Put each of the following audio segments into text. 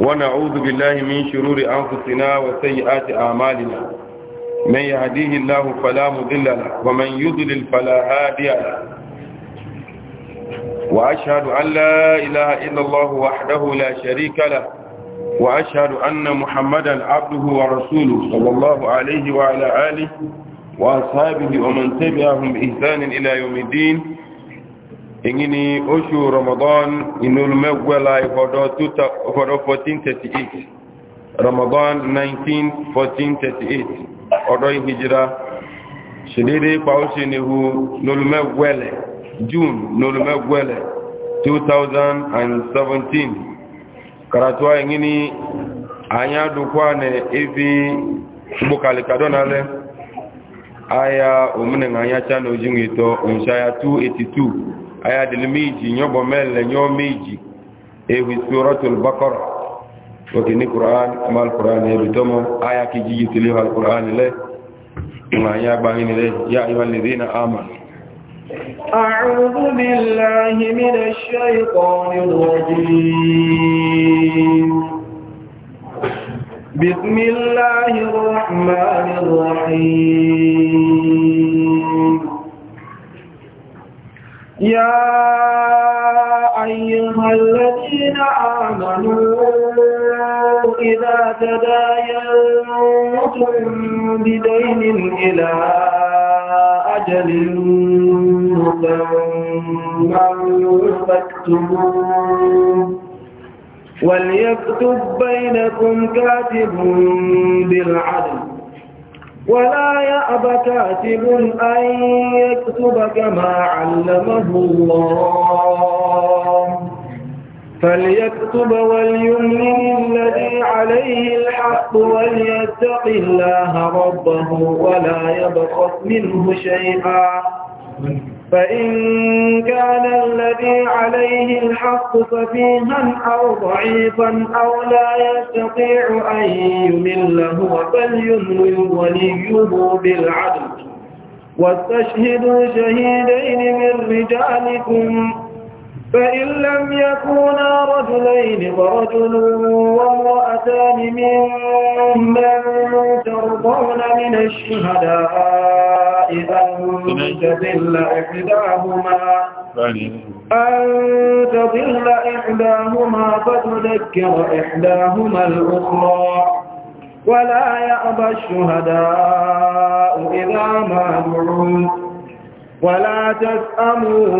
ونعوذ بالله من شرور أنفسنا وسيئات أعمالنا من يهديه الله فلا مضل له ومن يضلل فلا هادي له وأشهد أن لا إله إلا الله وحده لا شريك له وأشهد أن محمدا عبده ورسوله صلى الله عليه وعلى آله وأصحابه ومن تبعهم بإحسان إلى يوم الدين ingini oṣù ramadan inolumegwela ifọdọ 1438 ramadan 191438 ọdọ ihijira ṣedede paoṣe nihu nolumegwele june nolumegwele 2017 karatuwa ingini anya dukwa na efi gbokalikado n'alẹ aya omunan anya chana ojinwe ito nshaya 282 aya dili meji nyobo mele nyo meji ewi suratul baqara wati ni qur'an kama alquran ebi tomo aya kijiji tili alquran le ma ya bangini le ya ayyuhalladhina amanu أعوذ بالله من الشيطان الرجيم بسم الله الرحمن الرحيم يا أيها الذين آمنوا إذا تداينتم بدين إلى أجل مسمى فاكتبوه وليكتب بينكم كاتب بالعدل ولا يأبى كاتب أن يكتب كما علمه الله فليكتب وليمن الذي عليه الحق وليتق الله ربه ولا يبخس منه شيئا فإن كان الذي عليه الحق ففيها أو ضعيفا أو لا يستطيع أن يمل هو فليمل وليه بالعدل واستشهدوا شهيدين من رجالكم فإن لم يكونا رجلين فرجل وامرأتان ممن ترضون من الشهداء أن تضل إحداهما فتذكر إحداهما الأخرى ولا يأبى الشهداء إذا ما دعوا ولا تسأموا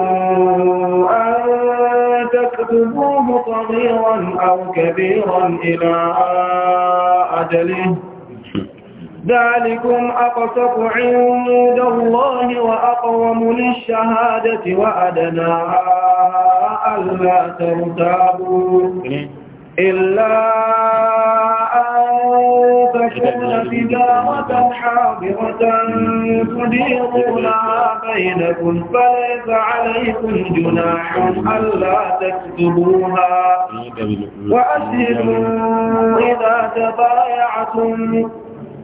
أن تكتبوه صغيرا أو كبيرا إلى أجله ذلكم أقسط عند الله وأقوم للشهادة وأدنى ألا ترتابوا إلا أن تكون تجارة حاضرة تديرونها بينكم فليس عليكم جناح ألا تكتبوها وأشهدوا إذا تبايعتم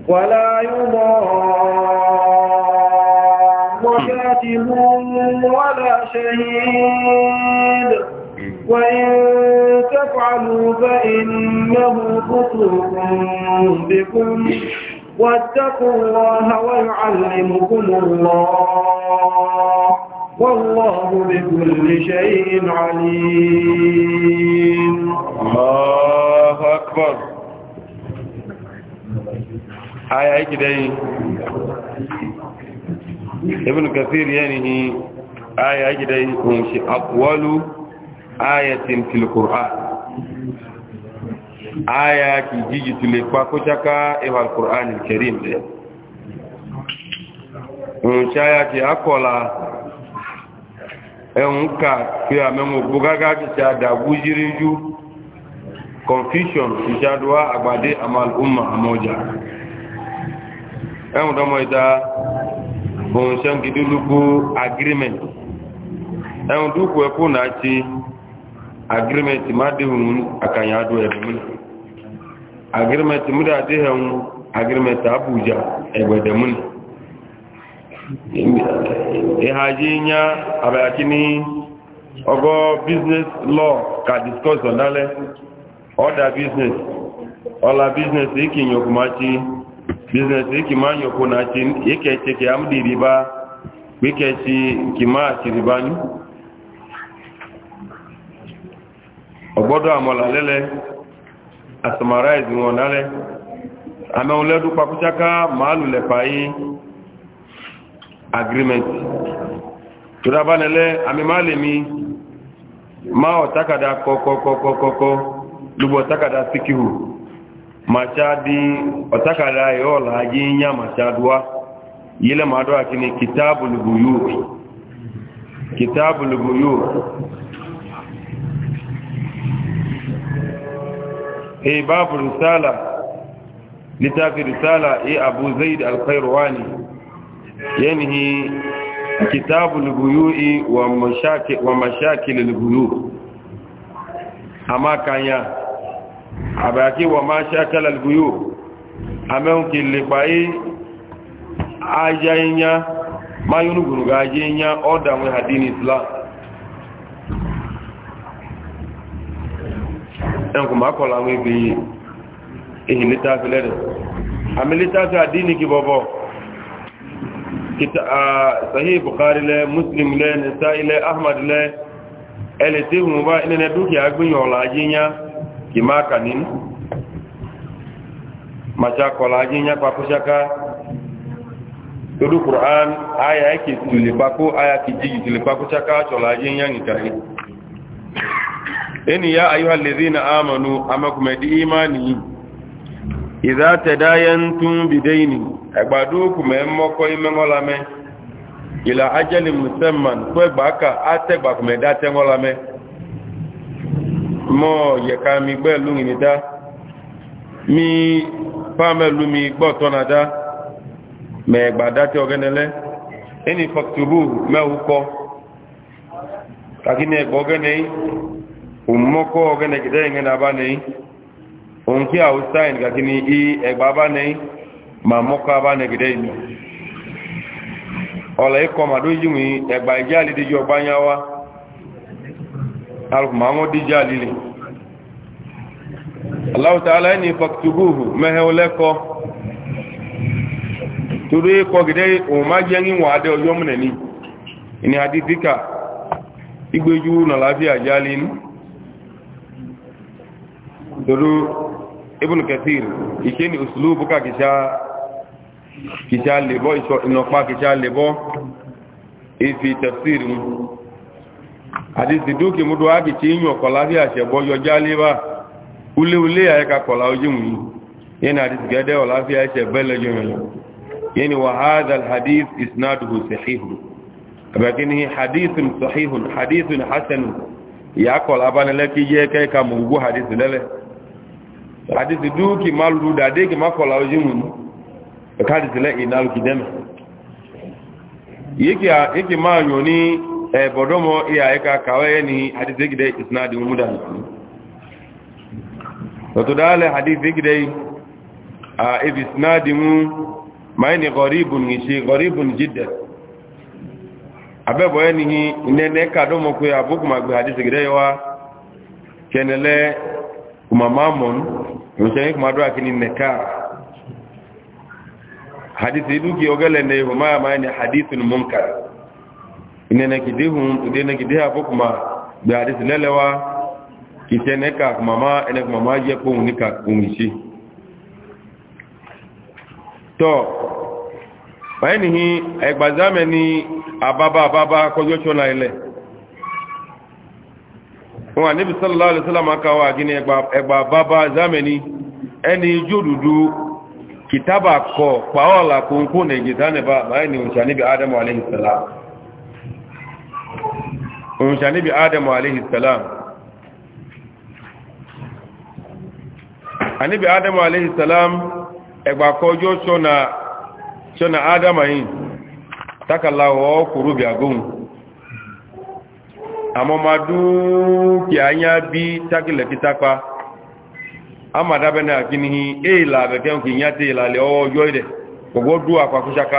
ولا يضام كاتب ولا شهيد وإن تفعلوا فإنه فسوق بكم واتقوا الله ويعلمكم الله والله بكل شيء عليم الله أكبر aya yake dai ibn kathir yani aya yake dai kun shi aqwalu ayatin fil qur'an aya ki jiji tule kwa kuchaka Quran alquran alkarim de kun chaya ki akola enka ki amemo bugaga ki cha da bujiriju confusion ki cha dua abade amal umma amoja ẹ̀wọ̀n dọ́mọ ìta ohun ṣẹ́ngidúlúgbó agreement ẹ̀wọ̀n dúkù ẹkù náà ti agreement má déhùn àkànyàdó ẹ̀dùnmí agreement múdà déhùn agreement àbújá ẹgbẹ̀dẹ̀mí ìhàjí yá àbẹ̀yàkí ní ọgọ́ business law ka discuss ọ̀dálẹ́ order business ọ̀la business business yake ma yoko na ce yake ce ke amdi riba wike ce ki ma ci riba ni ogbodo amola lele asamarize wọn nálẹ̀ àmẹ́wọn lẹ́dún papúṣáká màálù agreement tó dábánilẹ́ àmì máa lè mi máa ọ̀tákàdá kọkọkọkọkọ lúgbọ̀ tákàdá síkìhù machadi otakala yola jinya machadwa ile madwa kini kitabu luguyuki kitabu luguyuki e babu risala litafi risala e abu zaid al-khairwani yanhi kitabu luguyuki wa mashakil wa mashakil luguyuki ama kanya àbàkí wọ máa ṣe akẹ́lẹ̀ lùgbúyò amẹ́hùn lè pàáyé ajá ma máa yóò nùgbùnùgbà ajé inyá ọ́dà àwọn ìhàdín islam ẹnkùn máa kọ̀lá àwọn ibi èyí lítàfẹ́ lẹ́rẹ̀ àmì lítàfẹ́ àdín kí bọ̀bọ̀ sahih muslim nisa ahmad bá kimaka nini machakola ajinya kwa kushaka tudu qur'an aya yake tulipako aya kijiji tulipako chaka chola ajinya nitari eni ya lezina amanu amakumedi imani idha tadayantum bidaini agbadu kumemoko imengolame ila ajalin musamman kwebaka ategba kumedate ngolame mọ́ yẹ̀ká mi gbẹ́ẹ̀lú ìní dá mi pàmẹ́lú mi gbọ́tọ́nà dá mẹ́ẹ̀gbà dátẹ́ ọgẹ́nẹlẹ́ ẹni fọ́ktubú mẹ́wúkọ́ tàkínẹ̀ ẹ̀gbọ́ òmọ́kọ́ kí àwùsáìn kàkíní i ẹ̀gbà bá nẹ́ mà mọ́kọ́ alùpùpù díjà líle aláwùtà ịnye fàkìtùgùhù mẹ́hẹ́wọ́lẹ́kọ́ torí tụrụ gẹ̀dẹ́ òun má jẹ́ níwọ̀n adẹ́ ọjọ́ múnẹ̀ ní ìní àdídíkà igbéjú nàlàáfíà jálí ka torí ibùn kẹsìr tụrụ ni òṣìlú búkà kìṣà lèbọ́ àdìsí dókè múdó ágì tí yíyàn kọ̀lá bí àṣẹ̀bọ́ yọjá léwà uléulé àyíká kọ̀lá ojúmù yìí yẹn àdìsí gẹ́dẹ́ ọ̀lá fi àṣẹ bẹ́lẹ̀ yọyọ̀yọ̀ yẹn ni wàhádà hadith isnaduhu sahihu àbẹ̀kí ni hadithun sahihun hadithun máa yàn ní Eh, bodomo iyaye ka kawaye ni hadisi gidai isnadin mudan wato dale a ibisnadin mai ni gharibun gishi gharibun jidda abebo enihi nene ka domo ko ya buku magbe hadisi gidai wa kenele kuma mamon yusani kuma do akini neka hadisi duki ne huma mai ni hadithun inenekide ha bụ kuma gbe adịsị lelewa kite neka kumama ene kumama je kpohun nika kungishi to bayanihi egbazame ni ababa ababa kojo chona ile wọn níbi sallallahu alaihi wasallam akawa gini ẹgbà bàbá zamani ẹni ijó dúdú kìtàbà kọ pàọ́lá kòǹkó nìgìtánẹ̀bà báyìí ni òṣà níbi adamu alaihi salam ohun ṣàníbi adamu alayhi salam anibi adamu alayhi salam ẹgbà kọjọ́ ṣọ́nà adamu yìí takalawo kúrú bí agóhun àmọ́ ma dúkì anya bí takilẹ̀kí takpa a ma dábẹ́ náà kí ní èèlà àbẹ̀kẹ́ òkè ìyá tí èèlà lẹ́ ọjọ́ ìdẹ̀ gbogbo dúwà pàkúṣaká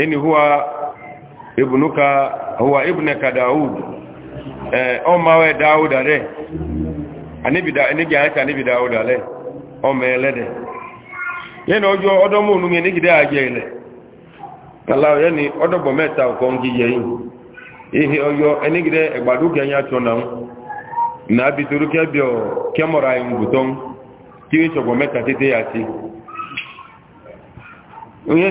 yani huwa ibnuka huwa ibnaka daud eh o mawe daud ale anibi da anibi acha anibi daud ale o melede yani ojo odomo nu ngene gide aje ile kala yani odobo meta ko ngi yeyin ihe ojo enigide egbadu kenya chona na bi turu ke bio kemora yin buton ki so go meta tete ati onye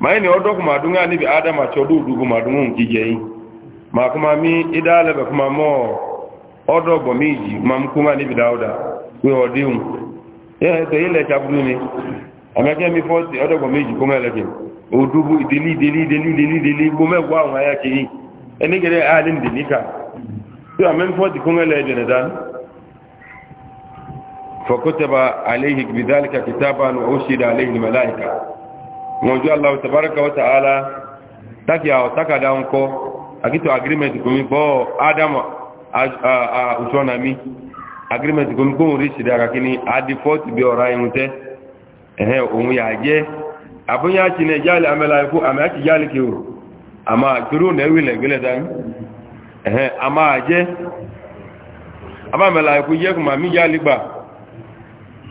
maini odo kuma dunga ni bi adama chodu du kuma dungu kijei ma kuma mi idale ba kuma mo odo bo miji ma mkunga ni bi dauda we odiun eh to ile chabdu ni ameke mi fosi odo bo miji kuma leke odubu idili dili dili dili dili kuma kwa wa ya ki eni gere alin dilika to amen fosi kuma leke ne dan فكتب عليه بذلك كتابا وأشهد عليه الملائكه ŋɔnju alahu tabaraka wa ta'ala taki awo taka da ŋkɔ akito agreement komi bɔ adamu usɔnami agreement komi ko ŋun risi da kakini adi fɔti bi ɔra yi ŋutɛ ɛhɛn òun y'a jɛ abonya ti ne jaali ama toro na ewi lɛ gbɛlɛ dan ɛhɛn ama jɛ ama amela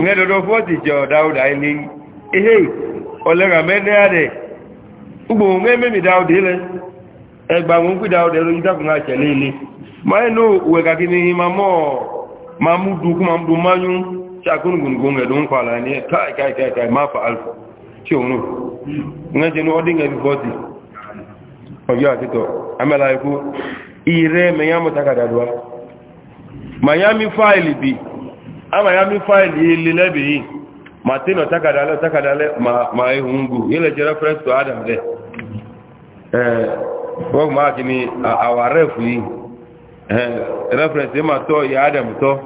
ní ẹ̀dọ̀dọ̀ fọ́tì jẹ ọ̀dáúdà ilé ihe ọ̀lẹ́rà mẹ́rẹ́rẹ́ ugbòhùn mẹ́mẹ́mì dáúdà ilẹ̀ ẹgbàmù ń pè dáúdà ẹlò ìdákùnrin àṣẹlẹ̀ ilé ma ẹnu òwe kàkiri ma mọ́ ma mú dukú ma mú mayú ṣàkúnnùgùnùgùn ẹ̀dùn alfa tí òun nù ní ẹjẹ́ ní ọdún ẹbí fọ́tì ọjọ́ àtìtọ̀ amẹ́lá ikú ire miami fáìlì bíi ama ya mi faili ile lebe yi ma tino takadale takadale ma ma ihungu ile je reference to adam de eh wo ma kini our ref yi eh reference ma to ya adam to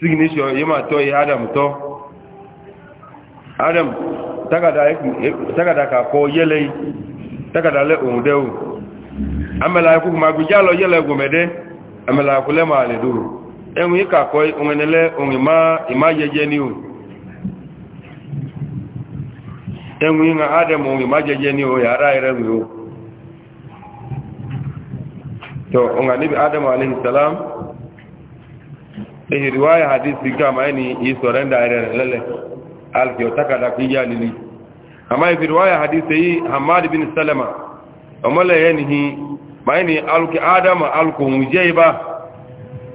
signature yi ma to ya adam to adam takada takada ka ko yele takadale ohun de o amela ku ma gujalo yele gumede amela ku le ma le duro ẹ̀wùn yìí kàkọ́ òmìnilẹ́ òmì ìmá jẹjẹ ní òun ẹ̀wùn yìí àádẹ́mù òmì ìmá jẹjẹ ní òun yàrá ẹ̀rẹ́mù yóò tọ́ ọ̀nà níbi àádẹ́mù aleyhisselam èyí ríwáyà hadith ká máa ní ìsọ̀rẹ́ndà ẹ̀rẹ́ lẹ́lẹ̀ alfi ọ̀tákàdá fi yá lílí àmá hadith yìí hamad bin salama ọmọlẹ̀ yẹn ni máa ní alùkù ádámù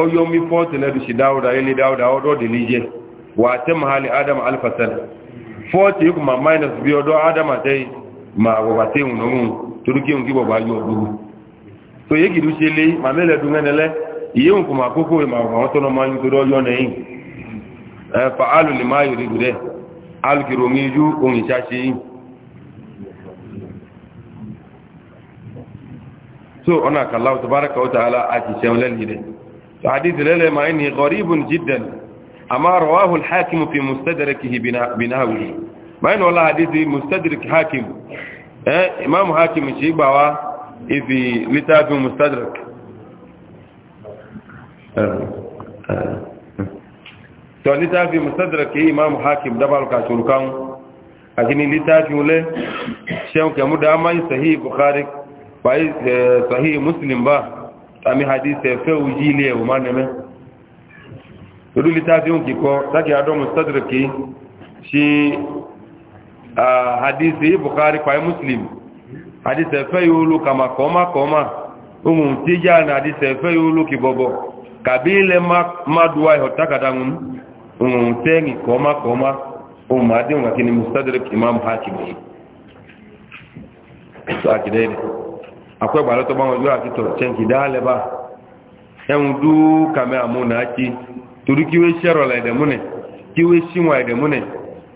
O yomi fọ́tí na dushi dáúdá ilé dáúdá ọdọ́ dìlíjẹ wà tẹ́ hali adam alfasal fọ́tí ikú ma minus bí ọdọ́ adam àtẹ́ ma wọ̀wà tẹ́ ìhùn ọ̀hún torókè ń kíbọ̀ bá yọ ọdúrú tó yé kìdú ṣe lé ma mẹ́lẹ̀ dún ẹnẹlẹ́ ìyé ń kò ma kókó ma wọ̀n tọ́nà ma yún torí ọyọ́ nẹ́yìn fa alu lè má yòrì rẹ̀ alùkìrò mi yú ohun ìṣàṣe yìí so ona kàláwù tàbárakà ọ̀tà àlà àti ìṣẹ́wọ̀n lẹ́nu yìí فحديث لا مع انه غريب جدا اما رواه الحاكم في مستدركه بناوه ما انه والله حديث مستدرك حاكم إيه؟ امام حاكم شيباوا في لتاف مستدرك تو لتاف مستدرك إيه امام حاكم دبر كاتركان لكن لتاف له شيخ كمدام صحيح بخاري إيه، صحيح مسلم بخاري sami hadith ẹ̀fẹ́ òjì ilé ẹ̀wò máa nẹ́mẹ́ lórí lítàbí òun kíkọ́ sáàkì adọ́mù sọ́dọ̀kì ṣe hadisi bukari pa muslim hadith ẹ̀fẹ́ yóò ló kàmà kọ́mà kọ́mà ohun tí já ní hadisi ẹ̀fẹ́ yóò ló kì bọ́bọ̀ kàbí ilẹ̀ má duwa ihò takàdánun ohun tẹ́ẹ̀nì imam hakim so akwai ba lato ban wajen ake torcen ki dale ba yan duka mai amuna ake turu kiwe shero la da mune kiwe shinwa da mune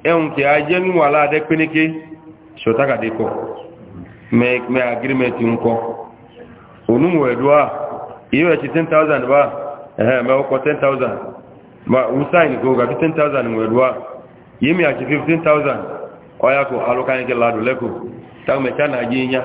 yan ki aje wala da pinike shota ka deko me me agreement nko onu wedwa e ten thousand ba eh me ten thousand, ba usain ko ga 10000 wedwa yemi ake 15000 oyako alukan ke ladu leko ta me kana jinya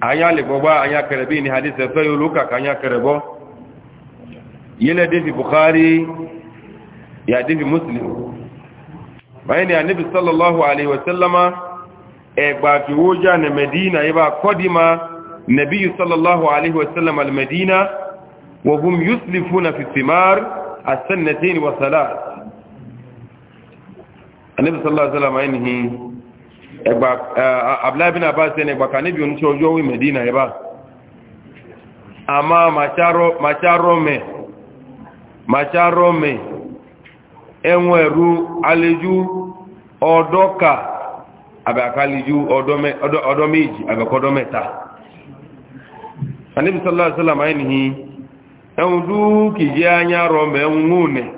anya ligbogba anya kerebe ni hadith efe yoluka ka anya kerebo yele difi bukhari ya difi muslim bayani anabi sallallahu alaihi wasallama egba ki woja na medina iba kodima nabi sallallahu alaihi wasallam almadina wa hum yuslifuna fi thimar as-sanatayn wa thalath anabi sallallahu alaihi wasallam ẹgbà abúlábí náà bá sẹ́ni ẹgbà kan níbi oníṣẹ́ ojú ọwọ́ ìmẹ̀dínà ẹ̀bá àmá màṣárọ́mẹ̀ ẹ̀wọ̀n ẹ̀rú alẹ́jú ọdọ́ka àbẹ̀kálẹ́jú ọdọ́ méjì àbẹ̀kọ́dọ́ mẹ́ta anábìsọ́lá sọ́lá máa ń nìyí ẹ̀wọ̀n dúkìí jẹ́ anyárọ̀mẹ̀ ẹ̀wọ̀n ń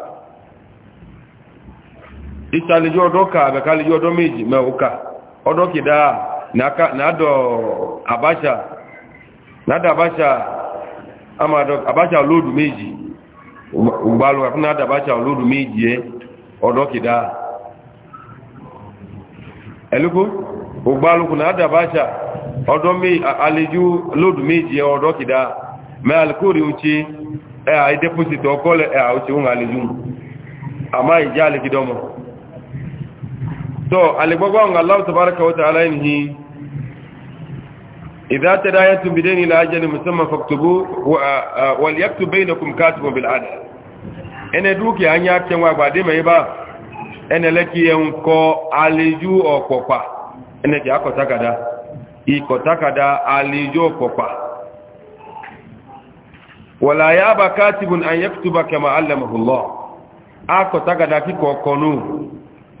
ìtàlejò ọdọ́ ka àbẹ̀kálejò ọdọ́ méjì mẹ́ọ̀ká ọdọ́ kìdá nádọ̀ àbáṣà nádọ̀ àbáṣà àmàdọ̀ àbáṣà olóòdù méjì ògbàlù àfún nádọ̀ àbáṣà olóòdù méjì ẹ ọdọ́ kìdá ẹlúkú ògbàlù kù nádọ̀ àbáṣà ọdọ́ àlejò olóòdù méjì ẹ ọdọ́ kìdá mẹ́ alukóri uchi ẹ àìdẹ́pọ̀sìtì ọkọ́lẹ̀ ẹ àwòṣe do aligbogbo nga Allah tabaraka wa ta'ala inhi idza tadayantum bidayn ila ajalin musamma faktubu wal yaktub bainakum katibun bil adl ene duki anya tenwa gbade me ba ene leki en ko aliju opopa ene ki akotakada ikotakada aliju opopa wala yaba katibun an yaktuba kama allamahu Allah akotakada ki kokonu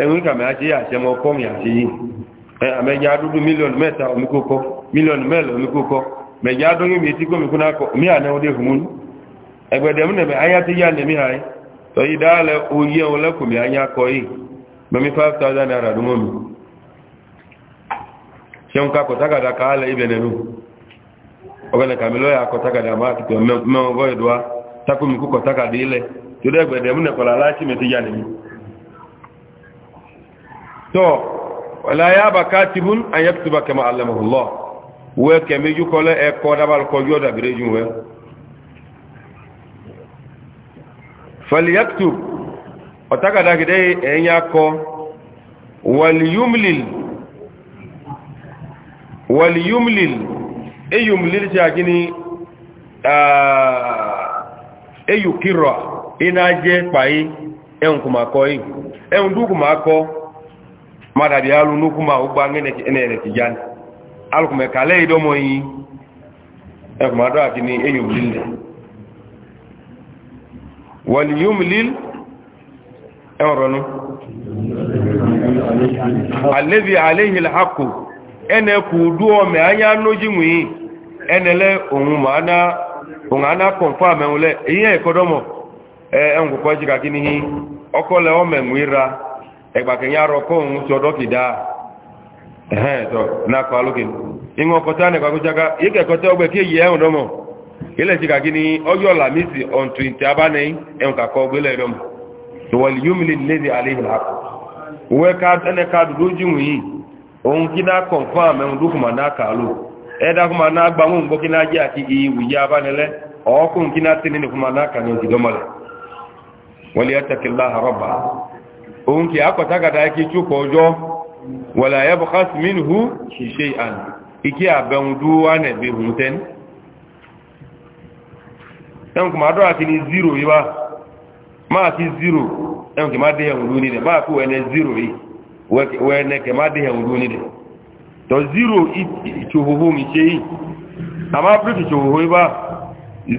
ẹ̀wọ̀n ìkàmẹ́ àti àṣẹmọ́ kọ́mì àti yìí àmẹ́jà dúdú mílíọ̀nù mẹ́ta omíkókọ́ mílíọ̀nù mẹ́lẹ̀ omíkókọ́ mẹ́jà dúdú mi tí gómìnkú náà kọ́ mí àná ọdẹ fún mú ẹgbẹ̀dẹ̀mú nẹ̀mẹ́ ayá ti yá nẹ̀mí àyí tọ́yí dáálẹ̀ oyé ọ̀hún ayá kọ́ yìí mẹ́mí five thousand naira ló mọ́ mi ṣeun ká kọ̀tàkàdà káálẹ̀ ibẹ̀ nẹ̀nu ọ̀gbẹ̀nẹ̀ kàmí lọ́yà kọ̀tàkàdà máa ti tọ̀ mẹ́wọ́n bọ́ ìdúrà tákùnmí kú kọ̀tàkàdà ilẹ̀ tó dẹ́gbẹ̀dẹ̀mú nẹ̀kọ̀lá láti mẹ́tí yá to wala ya ba katibun an yaktuba kama allamahu allah we kemi ju ko le e ko dabal ko joda bire ju we falyaktub otaka da gide en ya ko wal yumlil wal yumlil e yumlil ja gini madadi alu ma ugba ngene enere kijani alu kumekale e yi ekumado akini eyumlil wal yumlil eronu alladhi alayhi alhaq ene kudu ome anya noji nwi enele ohun mana ohun ana confirm enule iye ikodomo eh engukoji kakini hi okole ome nwira ẹgbà kẹ̀yìn arọ kọ́ òun tí ọdọ́ kì dáa ẹ̀hẹ́n ẹ̀tọ́ náà kọ́ inú ọkọ̀ tí a nẹ̀kọ́ jágá yìí kẹ̀kọ́ tí ọgbẹ̀ kí èyí ẹ̀hùn dọ́mọ̀ ilẹ̀ ti kàkí ni ọjọ́ làmísì ọ̀ntù ìtì ẹ̀hùn kàkọ́ ọgbẹ̀lẹ̀ dọ́mọ̀ ìwọ̀lì kí náà kọ̀nfàm ẹ̀hùn dúkùmà náà náà òun kì ákọ̀tákàtà ikí túkọ̀ ọjọ́ wọ̀lá yẹ́bù kásìmínú hù ṣe àn ikí àbẹ̀hùn dúó wà nẹ̀bí hùn tẹ́ni ẹnkù máa dọ́ra kí ni zero yìí bá máa kí zero ẹnkù máa dé ẹ̀hùn dúó nílẹ̀ máa kú wẹ́nẹ zero yìí wẹ́nẹ kẹ máa dé ẹ̀hùn dúó nílẹ̀ tọ́ zero ìtòhòhò mi ṣe yìí àmọ́ áfíríkì ìtòhòhò yìí bá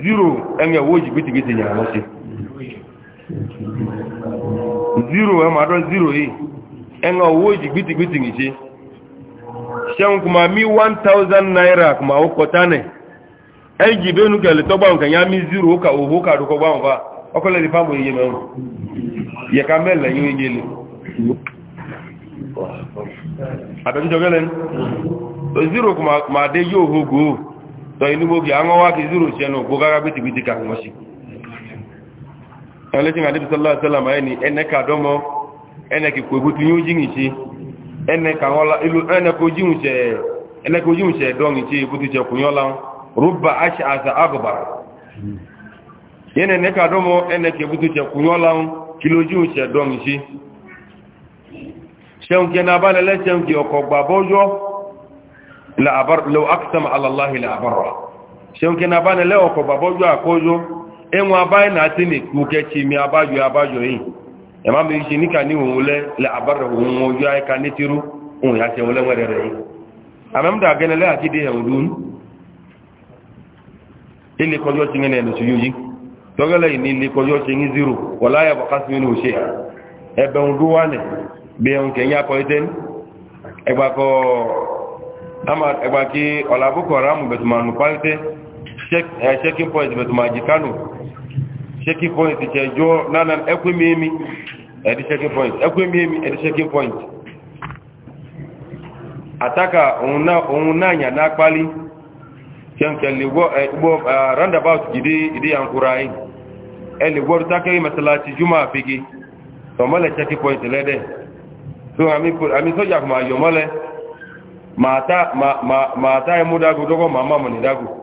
zero ẹ̀ngẹ̀ wó jìbìtìbìtì yàrá lọ́sẹ̀ zero ẹ̀ máa dọ́ zero yìí eh. ẹ̀ngà owó ìjì gbìtìgbìtì nì ṣe ṣẹ́hun kùmà mí one thousand naira kùmà ó kọta nẹ̀ ẹ̀jì bẹ́ẹ̀nu kẹ̀lẹ̀ tọ́gbà nǹkan yá mí zero ó kà owó kà dúkọ́ bá ọkọlẹ̀ ní fáwọn iye mẹ́rin yẹ̀ka mẹ́lẹ̀ yóò yé le àbẹ̀jọ́ ẹlẹ́sìn àdébí sọ́lá sẹ́làmà ẹni ẹnẹ́ka dọ́mọ́ ẹnẹ́kì kò ìbútú yóò jíhìn ṣe ẹnẹ́ka ojíhùn ṣe ẹ̀dọ́n ṣe ìbútú ṣe kùnyọ́ láwọn rúbà aṣà àṣà àgbà yẹn ẹnẹ́ka dọ́mọ́ ẹnẹ́kì ìbútú ṣe kùnyọ́ láwọn kí lójíhùn ṣe ẹ̀dọ́n ṣe ṣeun kí ẹna abálẹ̀ lẹ́ṣeun kí ọkọ̀ gbà bọ́jọ́ lọ akṣam enwe abaghị na atini nke chimi abajo abajo yi ẹ̀má mi ṣe níkà ní òun lẹ́ lẹ́ òun ojú àìka ní tírú òun yà ṣe òun lẹ́wọ̀n rẹ̀ rẹ̀ yìí àmẹ́mdà gẹ́nẹ̀lẹ́ àti dé ẹ̀hùn lónú ilé kọjọ́ ṣe ní ẹ̀nà tó yóò yí lọ́gẹ́lẹ́ ìní ilé kọjọ́ ṣe ní zero wọ́lá yàbọ̀ ká sínú òṣè ẹ̀bẹ̀ òun dúwà Eh, checking point bẹ̀tù máa jì kánò checking point ṣe jọ nánà ẹkùn mímí ẹ̀dí checking point ẹkùn mímí ẹ̀dí checking point àtàkà òun náà na náà pálí kẹ́ǹkẹ́lì gbọ́ roundabout gidi ìdí yankura yìí eh, taka gbọ́rù tákẹ́ mẹ́sàláti jùmọ́ àfigi tọ̀mọ́lẹ̀ checking point lẹ́dẹ̀ so àmì sọ́jà kò máa yọ̀mọ́lẹ̀ màá tá ẹmú dágùn dọ́gọ́ màá mọ̀ ní dágùn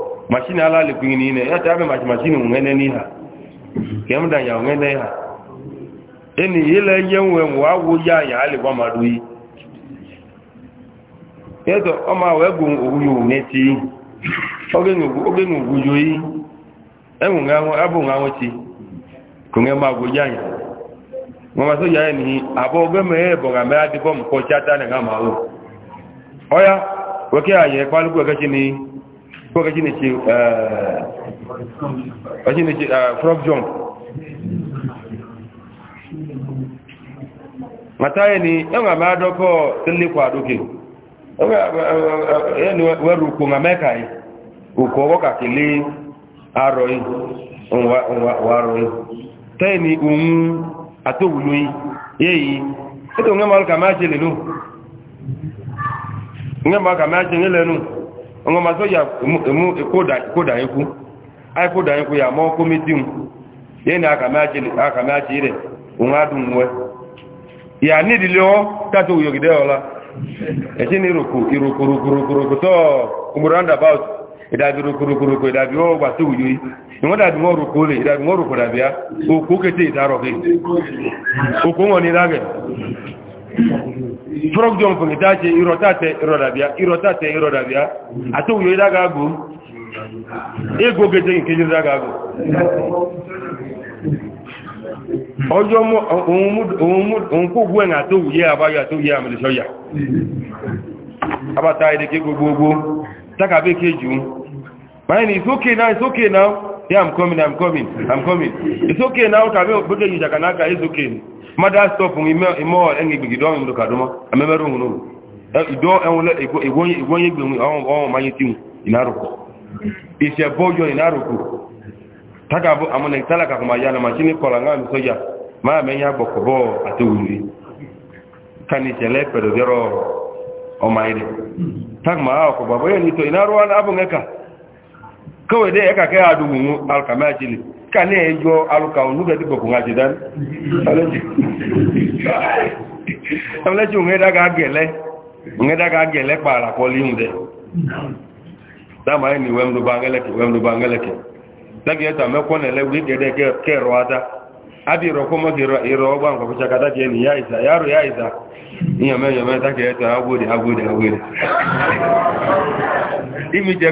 mashini ala likwin ni ne ya ta be machi mashini ngene ni ha kem da ya ngene ha eni ile yenwe wa wo ya ya ali kwa madui yeto oma we gu owu neti oge ngugu e abu ti ma gu ya ya mama so ya e ni abo oge me ebo ga me adi bom ko chata ne ngama o oya weke aye kwalu ko ke ko ka jine ci euh ka jine ci frog eh, jump mataye ni nga e ma do ko tele kwa doke yani weru ko nga meka yi uko woka kile aro yi wa wa ro yi tani e um atowulu yi yeyi eto nga mal ka ma jele nu nga ma ka ma jele nu ọmọ ma sọ ya mú ìkódà ikú àìkódà ikú ya mọ́ kó méjì mú yẹ́ ni àkàmẹ́ àti rẹ̀ òun adùn wẹ́ ìyà ní ìdílé ọ́ tàbí òyògìdẹ́ ọ̀la ẹ̀ṣẹ́ ní ìròkòròkòròkò tọ́ ọmọdé roundabout ìdàbí ròkòròkòròkò ìdàbí ọ́ gbà tó òyò ìwọ́n dàbí wọ́n ròkò rẹ̀ ìdàbí wọ́n frog jump ngita ce irotate irodabia irotate irodabia ati uyo idaga agu ego gete nke jiri daga agu ọjọ́ òun kó ẹ̀nà tó yẹ àbáyọ àti òyẹ àmìlẹ̀ṣọ́yà abata ìdíké gbogbogbò takàbé kéjì báyìí ni it's okay now it's okay yeah i'm coming i'm coming i'm coming tàbí òpótẹ́ ìjàkànáka okay mada stop ime imo engi gbigi do ndo ma amemeru ngunu ido enwole egonye egonye gbinwi awon awon manyiti mu inaruko ise bojo inaruko taka bo amone talaka kuma yana machine kola nga mi soja ma menya gboko bo atewuri kani tele pero zero o oh, maire tagma ako oh, babo yoni eh, to inaruwa na abu ngeka eh, kawai eh, dai mm, eka ke adu mu alkamaji kane ejo aluka E dibo ko ngaji dan ale ju ngeda ga gele ngeda ga gele para ko ni wemdu bangele ke wemdu bangele ke lagi eta me ko ne le wi gede ke ke roata abi ro ko mo di ro iro gba nko cha kada je ni ya isa na ya isa iya me yo me ta ke imi je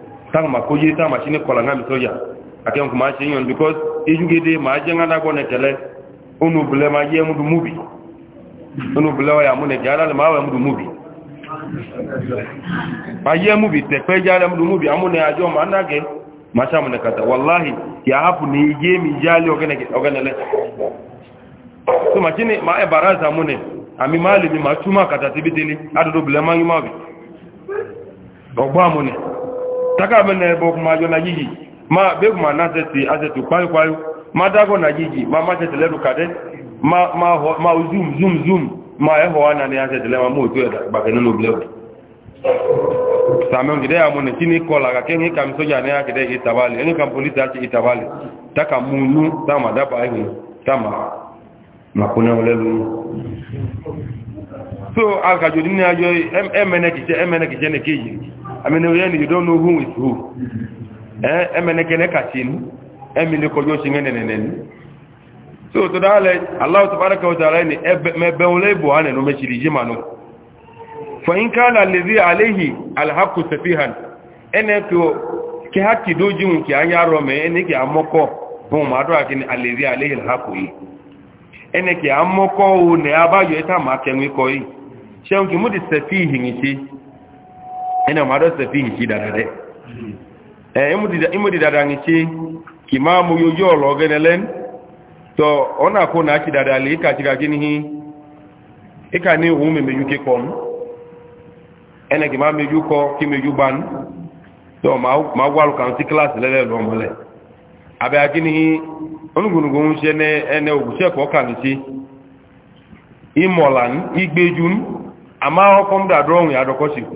tan ma ko yeta ma shine kola ngam toya akem ko ma shin yon because ejugede ma jenga na gone tele onu bule ma ye mu du mubi onu bule wa ya mu ne jara ma wa mu du mubi ma ye mu bi te pe jara mu du mubi amune ajo ma na ge ma sha mu ne kata wallahi ya hafu ni ye mi jali ogene ogene le so ma shine ma e baraza mu ne ami mali mi ma chuma kata tibidili adodo bule ma ngi ma bi ogba mu ne taka bɛ nɛ bɔ kuma na yigi ma bɛ na tɛ ti a tɛ tu ma dagɔ na yigi ma ma tɛ tɛlɛ du ma ma hɔ ma zoom zoom zoom ma ɛ hɔ ana ne a tɛ tɛlɛ ma m'o to yɛ bakɛ ne n'o bilɛ o samɛ ne kini kɔ la ka kɛ ne ka misɔndiya ne y'a kidɛ i tabali ne ka polisi y'a ci taka mun nu tama daba ayi tama ma kuna ne wale lu so a ka ni a jɔ ɛ mɛnɛ kisɛ ɛ mɛnɛ ne k'e jiri. amene yeni n'i don't know who is who eh emene kene kachin emene ko yo shingene nenen so to dale allah tabaaraka wa ta'ala ni me beule bo ane no me shiri jimanu fa in kana alladhi alayhi alhaqqu safihan ene ko ki haki dojin ki anyaro me ene ki amoko bo ma do akini alladhi alayhi alhaqqu yi ene ki amoko o ne abayo eta ma kenwi ko yi shey on ki mudi safihin yi ene ma do se fi ki dada de e eh, imu di imu di dada ngi chi ki ma mu yo yo lo gene len to ona ko na ki dada li ka ti ga gini hi e ka ni wu me meju ke kon ene ki ma meju ko ki meju ban to ma ma walu kan si class le le lo mo le abe agini hi onugunugu ń ṣe ẹni ògùnṣẹ́ kọ́ kàmì sí ìmọ̀lá ama igbéjú àmá ọkọ̀ ya dàdọ́ ọ̀hún àdọ́kọ́sìkò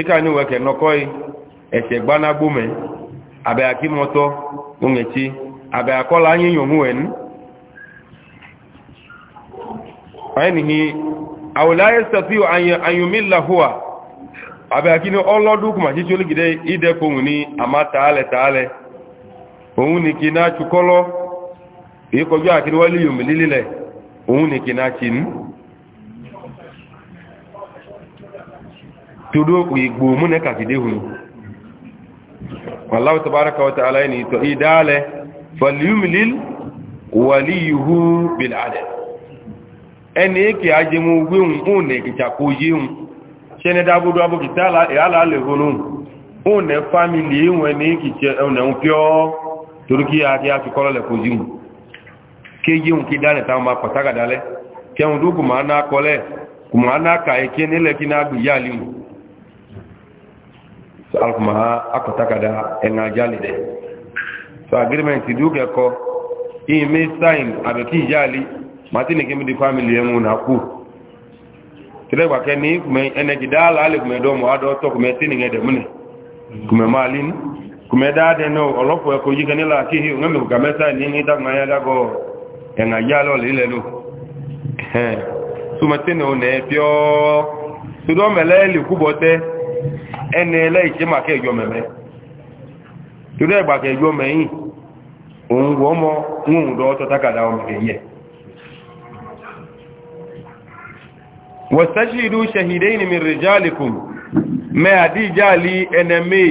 ika ni weke nokoi ese gbana gbume abe akimoto ungechi abe akola anyi yonwen ainihi aw la yastati an yumilla huwa abe akini olodu kuma ji joli gide ide ko ni amata ale tale ohun ni kina chukolo iko jo akini wali yumilile ohun ni kina chin Tudu tudo igbo mu ne ka gide hunu wallahu tabaraka wa ta'ala ni to idale falyumlil waliyuhu bil adl eni ki ajemu gbeun une ki chako yeun sene dabudu abu kitala e ala le hunu une family une ni ki che une unpio turuki ati ati kola le kojun ke yeun ki dale ta ma pataga dale ke undu kuma na kole kuma na ka e kenele kina bi yalimu so alkuma ha akotakada enga jali de so agreement duke ko i me sign abeki jali matini kemi di family yemu na ku tire wa ke ni kuma ene gidala ale kuma do mo ado to kuma tini ngede mune kuma malin kuma da de no olofo e ko yigani la ki hi ngame kuma mesa ni go enga jalo lile lu matini o ne pio so do ẹni ẹlẹ́ìṣẹ́ máa kẹ́ ẹjọ́ mẹ́mẹ́ torí ẹgbà kẹ́ ẹjọ́ mẹ́yìn òun wọ́n mọ́ ohun dọ́ ọ́tọ́ tákàdá ọmọ ẹ̀yẹ wọ̀sẹ́ṣìdú ṣẹ̀hìdẹ́ ìnìmì rìjálìkùn mẹ́ àdíjálì ẹnẹ mẹ́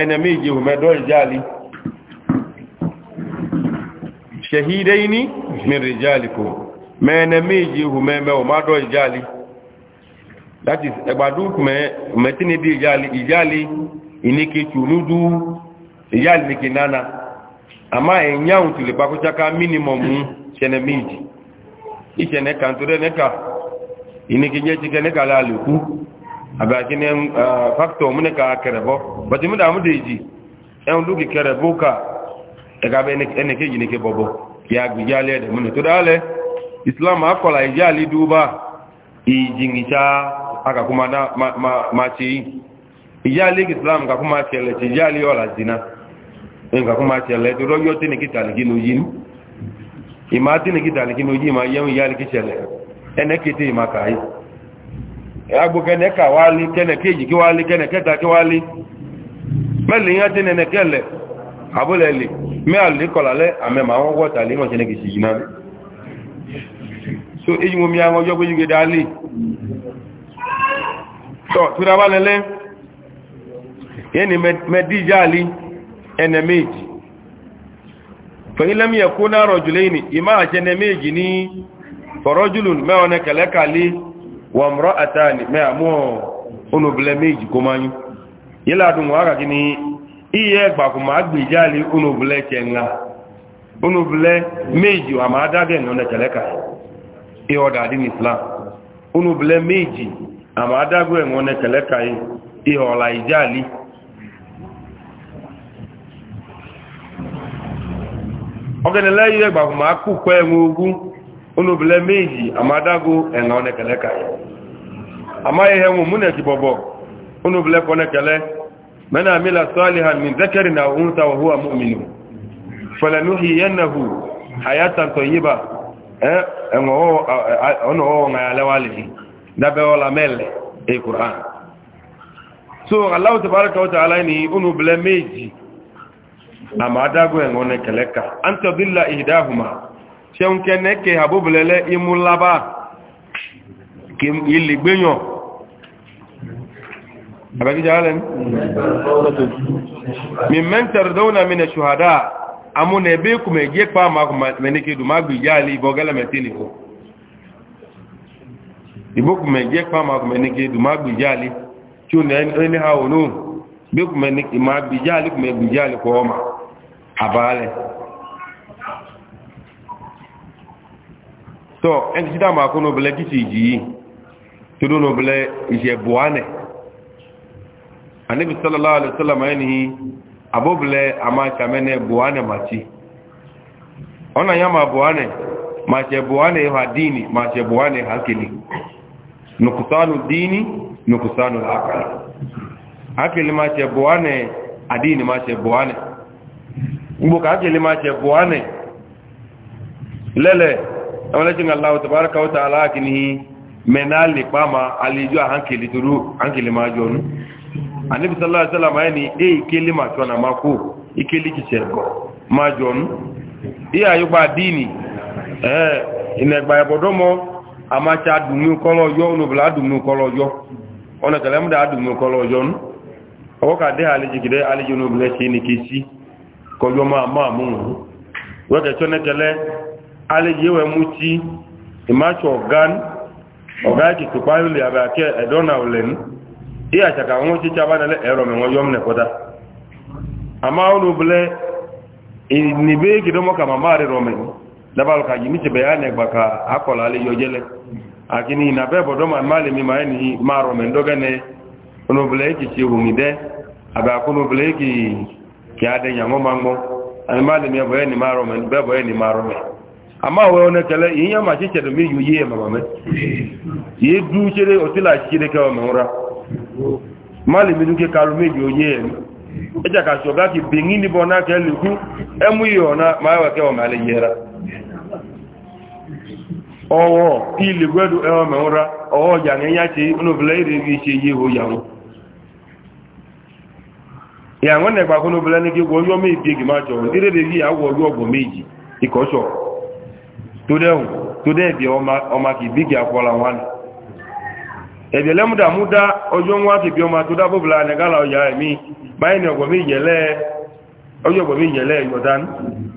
ẹnẹ méjì hùmẹ́ dọ́ ìjálì ṣẹ̀hìdẹ́ ìnìmì dọ́ ìjálì that is ẹgbàdú mẹtínì bí ìyáàlì ìníkẹtù lúdú ìyáàlì nìkẹ nánà àmá ẹ̀yáhùn tìlẹ̀ pàkúṣáká minimum ṣẹlẹ̀ méjì ìṣẹ̀nẹ̀ kàntúrẹ́ nẹ́ka ìníkẹ jẹ́ ṣíkẹ́ nẹ́ka lálẹ́kú àbàkínẹ fáktọ̀ múnẹ́ka kẹrẹ̀bọ́ bàtí múdà múdà èjì ẹ̀hùn lókè kẹrẹ̀bọ́ ká ẹ̀ka bẹ́ ẹnìkẹ́ yìí nìkẹ́ bọ̀bọ̀ kí a gbìyàlẹ́ ẹ̀dẹ̀ múnẹ̀ aka kuma da ma ce yi ijali islam ka kuma kele ci ijali yola zina in ka kuma kele to royo tini kita ni gino yin ima tini kita ni gino yin ma yem ijali ki kele ene kiti ma kai agbo kene ka wali kene keji ki wali kene keta ki wali meli ya tini ne kele abulele me ali kolale ame ma won wota li won se ne ki jina so eji mo mi awon ojo gbe ju ge dali tọ́ tura bá lẹ́lẹ́ yẹni mẹ́díjáàlì ẹnẹ̀mẹ́jì fẹ̀yìnlẹ́mí ẹ̀kú náà rọ̀jùlẹ́ ni ìmá àṣẹ́nẹ̀mẹ́jì ní fọ̀rọ̀jùlù mẹ́ọ̀nà kẹlẹ́kàlẹ́ wọ̀mọ̀rọ̀ àtàní mẹ́àmọ́ onùbùlẹ́mẹ́jì kó máa yún yíládùn wọ́n kàkí ní iye ẹgbàkùnmá gbèjáàlì onùbùlẹ́ kẹńlá onùbùlẹ́ méjì àmà adágẹ̀ ìnà kẹlẹ́kàlẹ́ ìhọ̀dà àdín islam onùbùlẹ́ méjì ama adagwu enwe ne kele ka ihe ọla ije ali ogenele ihe gbagwu ma akụkọ enwe ugwu onubile meji ama adagwu enwe one kele ka ị amaghị enwe mụ na ekibobo onubile kone kele من عمل صالحا من dabe wala mele e qur'an so allah tabaaraka wa ta'ala ni unu bla meji ama dago en one keleka anta billa ihdahuma seun keneke habubulele imulaba kim ili gbeyan abaki jalen min man tardawna min ash-shuhada amune bikum ejekpa ma menike du magbi jali bogala metini ko ìbókùnmẹ̀ jẹ́ pàmàkùnmẹ̀ ní kí dùmá gbìjáàlì tí ó ní ha ònú gbékùnmẹ̀ ní kí máa gbìjáàlì kùnmẹ̀ gbìjáàlì kọ ọmọ àbálẹ̀ tọ́ ẹni títà máa kó nóbulẹ̀ kìí sì jì yìí tó ló nóbulẹ̀ ìṣẹ̀ buhane anibi sallallahu alaihi wasallam ẹni abóbulẹ̀ amáṣàmẹ́nẹ̀ buhane màti ọ̀nà yá máa buhane màṣẹ̀ buhane nukusanu dini nukusanu akal akili mache bwane adini mache bwane mbuka akili mache bwane lele amalakin allah tabaraka wa taala akinihi menali pama alijua hankili turu hankili majonu anabi sallallahu alaihi wasallam yani e ikili macho na maku ikili kicheko majonu iya yuba dini eh inagba bodomo amacha dùnmí kọlọ ọjọ́ onubula dùnmí kọlọ ọjọ́ ọ̀nà kẹlẹ́ mú dà dùnmí kọlọ ọjọ́ nù ọwọ́ ká dé àlejò kìdẹ́ àlejò onubula ṣe ni kì í sí kọjọ́ máa máa mú un wọ́n kẹ́ tíọ́nẹ́ kẹlẹ́ àlejò ewé mú tí ìmáṣọ ọ̀gán ọ̀gá ẹ̀kì tó páyọ̀ màmá rẹ̀ rọ̀ mẹ́yìn dabal ka yimi ti bayane gbaka akola le yojele akini na be bodo man male mi mai ni maro men doga ne ono bleki ti wumi de aba kono bleki ki ade nyango mango ani male ma chiche do mi yuye mama me ye du chere otila chire ka o mura male mi duke kalu mi yuye eja ka shoga ki bingini bona ke luku emu yona yera ọwọ́ ilé gbẹ́dù ẹwọ mẹ́wúra ọwọ́ ọjà ní ẹyá ṣe onúbìlẹ̀ èrè rí ṣe yé o yàwó ìyàwó nẹ̀gbà kó onúbìlẹ̀ ní gbogbo ọjọ́ méjì gì máa jọ ìrè rí àwọ̀ ọjọ́ ọgbọ̀n méjì ìkọ́ṣọ̀ tó dẹ́hùn tó dẹ́ẹ̀bì ọmọ kì bí kì àpọ̀lá wọn ni ẹ̀bẹ̀ lẹ́múdàmúdá ọjọ́ wọn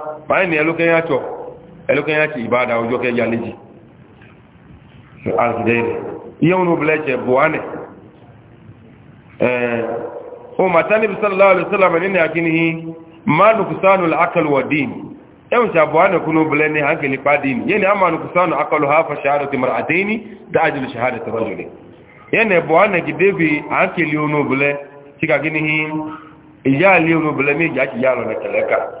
fáìní ẹlókẹ́yà tọ́ ẹlókẹ́yà ti ìbáadà ọjọ́ kẹjá léjì alìdẹ́rẹ̀ iye wọn obìnrin jẹ buwane o matani bisalala alisalama nínú akínihi ma nukusanu akalwa din ẹwùn sa buwane kún obìnrin ní hankali padin yẹni hafa shahadati mar'ataini da ajilu shahadati rajuli yẹni buwane ki debi hankali onobìnrin kíkà kínihi ìyá ilé onobìnrin méjì àti ìyá lọ na kẹlẹ́kà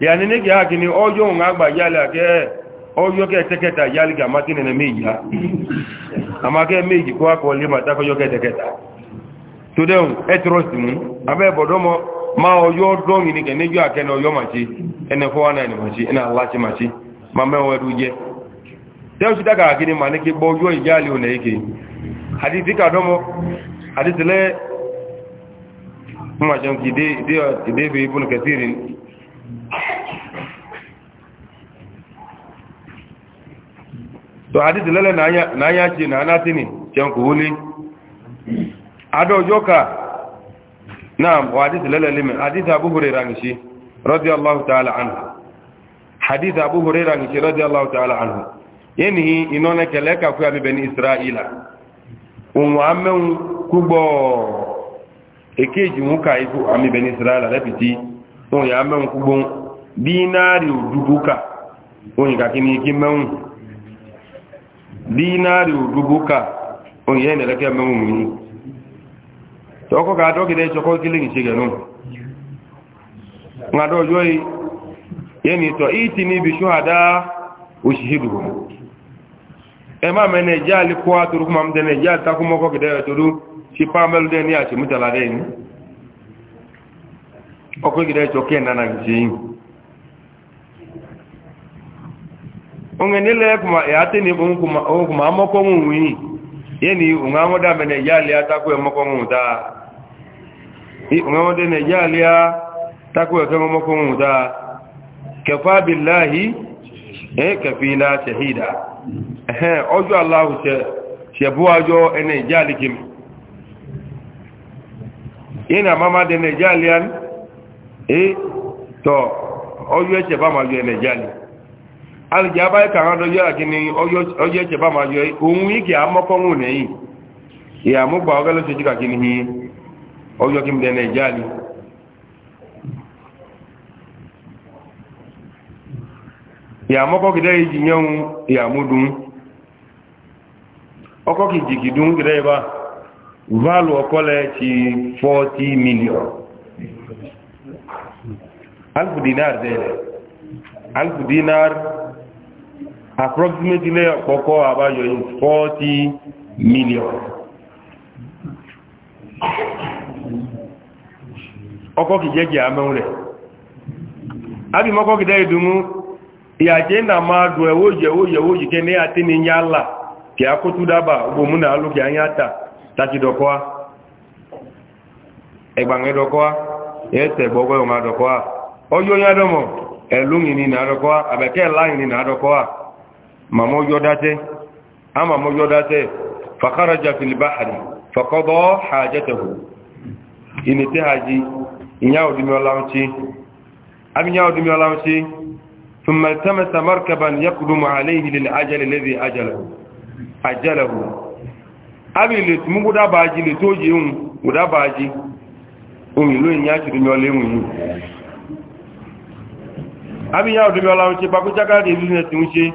yani ne ga kini ojo nga gba yala ke ojo ke teketa yali ga makine ne meji ha ama ke meji ko ko le mata ko yo ke teketa to de un etrosi mun abe bodomo ma ojo do ni ke ne jo akene ojo machi ene fo wana ni machi ene allah chi machi ma me o eduje de o daga kini ma ne ke bo ojo ijali o ne ke hadithi ka domo hadithi le mo jam ki de de de be ibn kathirin to hadith lele na anya chi na anatini chenku huli ado joka naam wa hadith lele lime hadith abu hurairah ngishi radiyallahu ta'ala anhu hadith abu hurairah ngishi radiyallahu ta'ala anhu yeni inone keleka kwa bani iku dinari rubuka onye ne lafiya mai mummuni to ko ka to gide ko kilin shi gano ngado yoyi yemi to itini bi shuhada ushihiduhum e ma mene jali ko aturu kuma mde ni a shi mutala de ni o onge nile kuma ya ati ni kun kuma o kuma amoko mu ni unga mo da mene ya le ata ku amoko i unga mo e, de ne ya le ata ku ke amoko mu billahi e kafina shahida eh ojo allah se se ajo ene ya kim ina mama ya an to ojo ya alìjẹ́ abáyé kàrán lọ́yọ́ àkíní ọjọ́ ìjẹba máa yọ ohun igi àmọ́kọ́rùn nẹ́yìn ìyàmúgbà ọgẹ́ ló jíkà kí ní ọjọ́ kí ọjọọ kim nàìjíríà ni ìyàmọ́kọ́ kìdẹ́ ìjì yẹun ìyàmúdùn ọkọ́ kì jìkì dùn kìdẹ́ ìbá válù alfu dinar alfu dinar approximately ọ̀pọ̀kọ́ àbáyọ in 40 million ọkọ̀ kì jẹ́ jẹ́ àmẹ́un rẹ̀ ábí mọ́kọ́ kìdẹ́ ìdúnmú ìyàjẹ́ ìnà máa dùn ẹ̀wó yẹ̀wó yẹ̀wó yìí ní àti ní yálà kì á kó tó dábà gbòmúnà alókè ayáta tàti dọ̀kọ́á ẹgbàmẹ́ dọ̀kọ́á ẹ̀ẹ́tẹ̀ gbọ́gbẹ́ ọmọ dọ̀kọ́á ọjọ́ yádọ́mọ̀ ẹ̀lúnyìn ni nà ni nà dọ̀kọ́á mamojo date ama mojo date fa kharaja fil bahri fa qada hajatahu ini te haji inyawo dimi olawchi abi nyawo dimi olawchi thumma tamasa markaban yaqdumu alayhi lil ajali alladhi ajalahu ajalahu abi le tumugo da baji le toji un guda baji omi lo inyawo dimi olewun abi nyawo dimi de business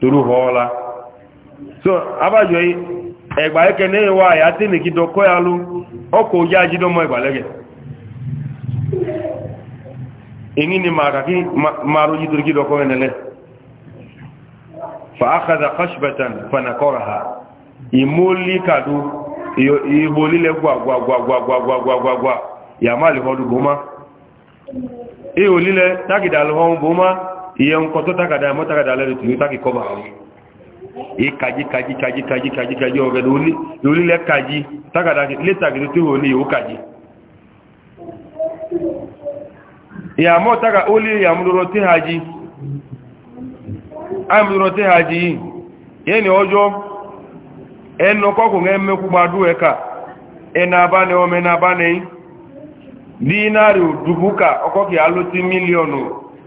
toru hɔɔla so abajɔ yi ɛgba yɛ ne wa yɛ ate ne ki dɔ kɔ ya lu ɔkò ya dzi dɔ mɔ ɛgba lɛ kɛ ìní ni maa kàkí maa ló yitoro ki dɔ kɔ ɛnɛ lɛ fa akaza kasibatan fana kɔra ha ìmóli kadu ìbòli lɛ gua gua gua gua gua gua gua gua gua yàmá lè hɔ du boma ìhòli lɛ tágídà lè hɔ boma. iye nǹkan tó tágàdá mọ́ tágàdá lẹ́nu tìlú tágì kọ́bà yìí kàjí kàjí kàjí kàjí kàjí kàjí ọ̀gẹ̀dẹ̀ onílẹ̀ kàjí tágàdá létàgìdì tó wò ní ìwò kàjí ìyàmọ́ tágà ó lé ìyàmúdúró tí ha jí àmúdúró tí ha jí yẹni ọjọ́ ẹnu kọkùn ẹmẹ́kúgbadú ẹka ẹna abánẹ ọmọ ẹna abánẹ dínárì òdùbúkà ọkọ̀kì alótí mílíọ̀nù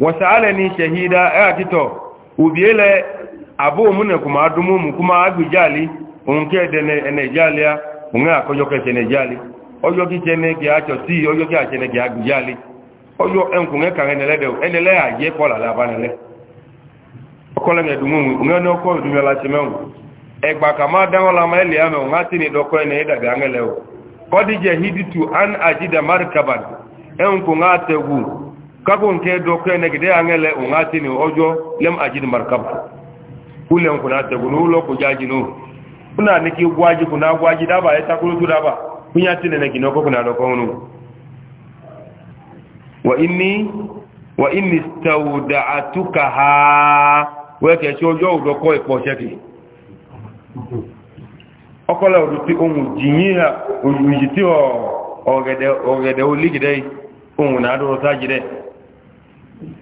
wasalani shahida ya kito ubiele abu mune kuma adumumu kuma agbijali onke dene enejalia unga akojo ke senejali ojo ki chene ki acho ti ojo ki achene ki agbijali ojo enku nge enele kola la nge la egba kama la doko ene ida an ajida enku nga kako nke doke ne gide angele ungati ni ojo lem ajin markab kule kuna tegunu ulo kujaji no kuna niki gwaji kuna gwaji daba eta kulu daba kunya tine ne kuna nu wa inni wa inni ha okola ohun jinya o ogede ogede ohun na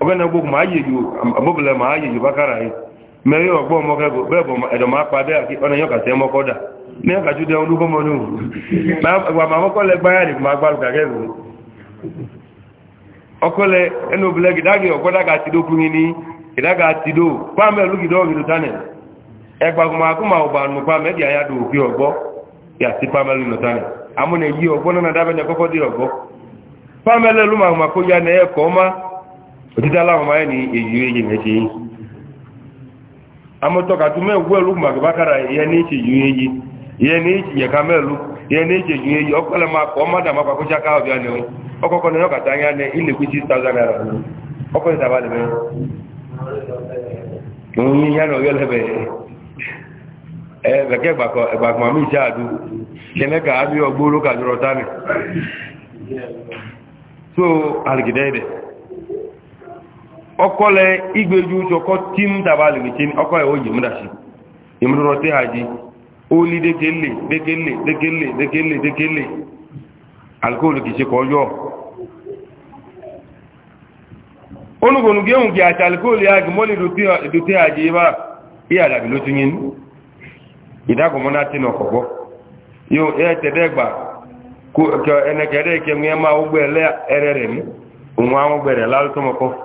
ogana gbogbo ma ayeju abobule ma ayeju bakara yi mẹ́rin ọgbọ́ ọmọ kẹgbọ́ bẹ́ẹ̀bọ̀ ẹ̀dọ̀ máa pa bẹ́ẹ̀ kí ọ̀nà yọ́kà tẹ́ mọ́kọ́dà ní ọkà jù dẹun lúgbọ́n mọ́nú wà máa mọ́kọ́lẹ̀ gbáyà nìkan máa gbárùkà kẹgbọ́ ọkọ́lẹ̀ ẹnu obìnrin gìdágì ọgbọ́dàgà ti dó kúrin ní gìdágà ti dó pàmẹ́ olúgìdọ́ ògìdó tánẹ̀ ẹgbàgbọ́n akúmọ̀ ọgbà òtítà láwọn máa ní èyí èyí mẹ́ṣe yìí amọ́tọ́kàtú mẹ́wọ́ ẹ̀lú màgbàkàrà ìyẹn ní ìṣe yìí èyí ìyẹn ní ìṣe yẹ̀ká mẹ́lú ìyẹn ní ìṣe yìí èyí ọkọ̀lẹ̀ máa kọ́ mọ́dàmá pàkó ṣáká ọ̀bí àná wọn ọkọ̀kọ́ ní ọkàtà yẹn ní ilé six thousand naira ọkọ̀ ìta balẹ̀ òun yín yánà ọ̀yọ́ lẹ́bẹ̀ ẹ bẹ̀kẹ́ ìgbàgbọ́ àmì ìṣe so alìgìdẹ́ ìdẹ̀ ọkọlẹ igbeju sọkọ tí ń dàbà lèmi tí ọkọ ẹ̀ ó yìí tí a jí ó ní dékélé dékélé dékélé dékélé dékélé alikóòlù kìí ṣe kọ yọ géhùn àti yá a jí bá ìyá dàbí ló tún náà nà yóò ẹ̀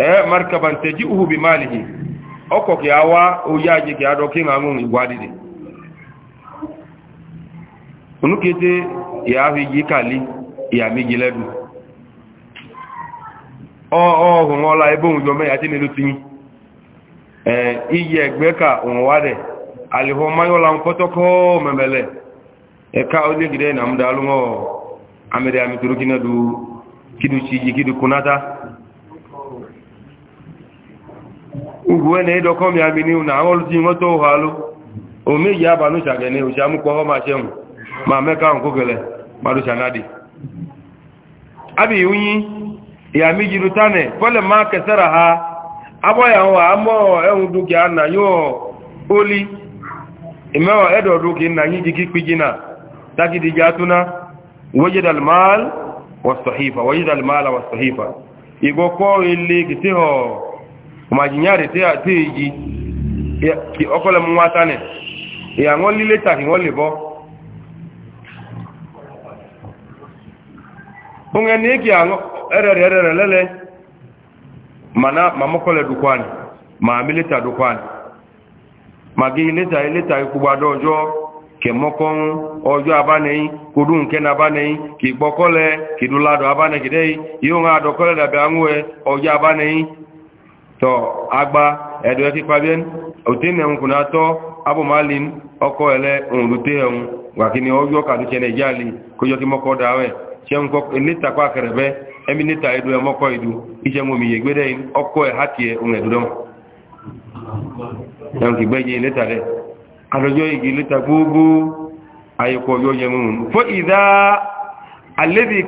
ee eh, markaban teji uhu bi malihi ọkọ̀ kì á wá oyá ajé kì á dọ́ kí àwọn ìwádìí onúkété ìyá fi yí kàlí ìyá méjì lẹ́dù ọ̀hún ọlá ẹbọ́n ìjọ mẹ́yà tí nílùú ti ẹgbẹ́ eh, ka òun wá dẹ̀ àlèhọ mayọ́la ń kọ́tọ́kọ́ mẹ́mẹ́lẹ̀ ẹ̀ka olégidẹ́ ìnàmúdà lóhọ́ amẹ́rẹ́ ugwe na edokọ mi ami ni na awolu ti ngoto ohalu omi ya banu chagene o jamu ko ma sheun ma meka nko gele maru chanadi abi unyi ya mi pole ma kesara ha abo ya wa amo ehun duki ana imewa edo duki na yin jiki pijina takidi jatuna wajid almal was sahifa wajid almal was sahifa igoko maji nyare te teji ya ki okola mu watane ya ngoli le ta ngoli bo unga ni ki ango ere ere ere lele mana mamokole dukwani maamile ta dukwani magi ni ta ile ta kubwa dojo ke mokon ojo abane kudu nke na abane ki bokole kidulado abane kidei yunga dokole da bangwe ojo abane to agba edo ti pabien otine un kuna to abu malin oko ele un lute un wakini ojo ka duche ne jali ko yo ki moko dawe chen ko nita kwa kerebe emi nita edu e moko idu ije mu mi yegbede in oko e hatie un edu dom yan ki gbeje nita de adojo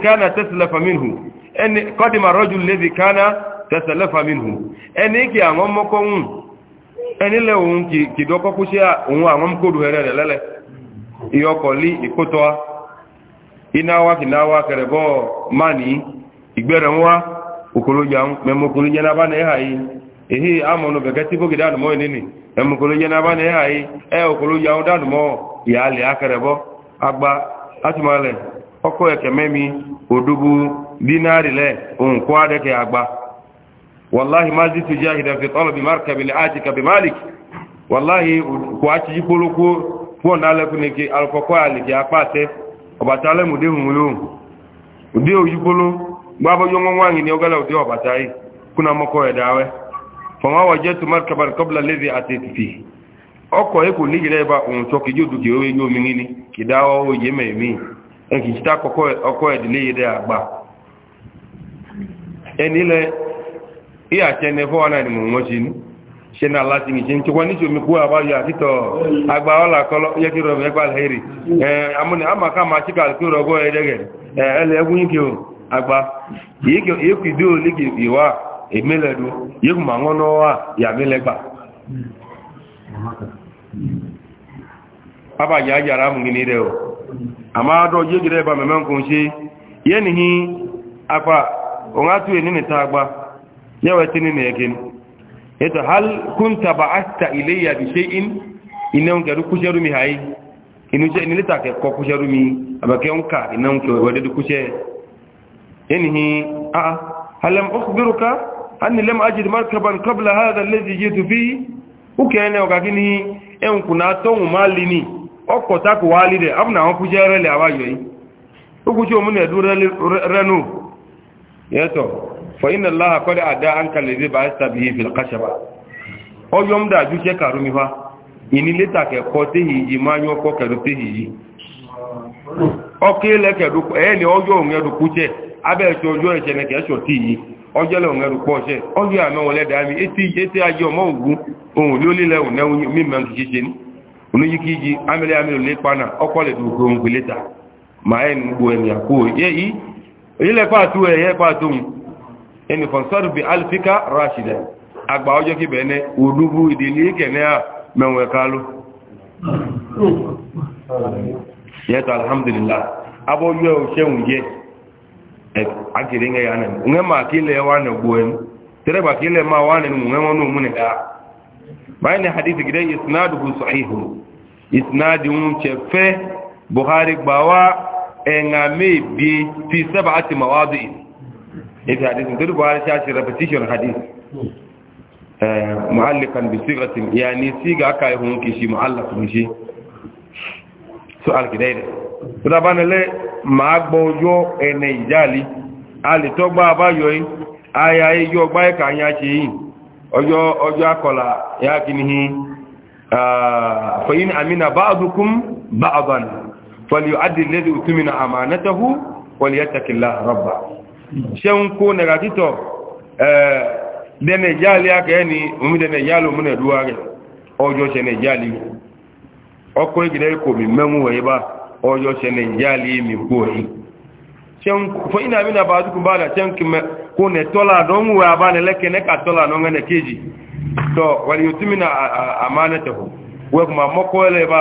kana taslafa minhu en qadima rajul alladhi kana tẹsẹ̀lẹ́fà mìíràn ẹni kí àwọn mọ́kọ́hún ẹni lẹ́wọ̀n kìdọ́kọ́kú sí òun àwọn kòdù ẹrẹ rẹ̀ lẹ́lẹ̀ ìyọkọ̀lí ìkótọ́ ináwá kìnáwá kẹrẹ̀bọ́ mání ìgbẹ̀rẹ̀ wá òkòlójà mẹ́mọ́kòló jẹ́nàbá náà yìí èyí àmọ́nù bẹ̀kẹ́ tí fókè wallahi mazị zitu jahidan fi bi markabi li'atika bi malik wallahi ko ati jipolo ko ko nale ko niki alkoko aliki apate obatale mu dehun lo ude oyipolo baba yongo wangi ni ogala ude obatai kuna moko edawe fama wajatu awa qabla alladhi atitu fi oko en iya chene fo wana ni mungo se chena la tingi chini chukwa nicho ya abayo agba ola kolo ya kiro mekwa alheri eh amuni ama ka ma alkiro go edege eh ele egun kio agba yiki yiki do liki iwa emeledu yiku mangono wa ya melegba aba ya jara mungini deo ama do yigire ba memen kunshi yenihi apa onga tu enini ta agba yawa tini ne yake yato hal kunta ba'atta ilayya bi shay'in inan garu kujaru mi hayi inu je ni lita ke ko kujaru mi abake onka inan ke wade du kuje inhi a halam ukhbiruka anni lam ajid markaban qabla hadha alladhi jitu fi ukene ogakini en kuna ton malini oko taku walide amna on kujere le awayo yi ukuje mun edu renu yato فإن الله قد أدى عنك الذي بعثت به في القشبة أو يوم دا جو شيكا روميها إن لتاك قوته إما يوكو كدوته أوكي لك دوك أين أو يوم يدوكو شيء أبي أشو جو يشنك أشو تيه ọjọ́ lẹ́wọ̀n ẹrù ọjọ́ àmọ́ wọn lẹ́dàá mi etí etí ajé ọmọ ògún ohun ló lẹ́wọ̀n náà mímọ̀ kìí ṣe ní oníyí kìí jí amílẹ̀ amílẹ̀ ẹni fọ̀nsọ́rù bí alifika rashida àgbà ọjọ́ kí bẹ̀ẹ́nẹ́ òdúgbù ìdílé kẹ̀ẹ́nẹ́ à mẹ́wọ̀n ẹ̀kálú alhamdulillah abọ́yọ́ òṣèun jẹ́ agìrì ń yà nẹ̀mù ń ma kí lẹ́ wà nẹ̀ gbọ́ ẹnu tẹ́rẹ̀bà kí lẹ́ máa wà nẹ̀ mú ẹwọ́n ní òmùnẹ̀ dáa báyìí ni hadith إذا حديث تقول بواري شاشي repetition حديث معلقا بصيغة يعني صيغة كاي هون كشي معلق مشي سؤال كده إذا بان لي ما بوجو إن يجالي ali tó gbá abáyọ yìí ayà yìí yóò gbá ẹ̀kà yá ṣe yìí ọjọ́ ọjọ́ akọ̀lá ya kìíní fẹ̀yìn àmìnà bá ọdúnkún bá ọdún fọlì adìlẹ́dì òtúmìnà àmà nẹ́tẹ̀hú wọlì yẹ́ tẹ̀kìlá rọ́bà ṣeun ko negatito eh, dene jali aka ni omi dene jali omi na duwa rẹ ọjọ́ ṣe ne jali ọkọ̀ ìgbìdẹ̀ kò mi mẹ́mú wẹ̀yẹ bá ọjọ́ ṣe ne jali mi kú ẹ̀yí fún na bá dúkù bá dà ṣeun kí mẹ́ kó ne tọ́lá dánwò wẹ̀ abánilẹ́kẹ́ nẹ́ka tọ́lá náà ẹnẹ kéjì tọ́ wàlẹ̀ yóò túnmí na àmánẹ́tẹ̀hù wẹ́ kùmà mọ́kọ́ ẹlẹ́ bá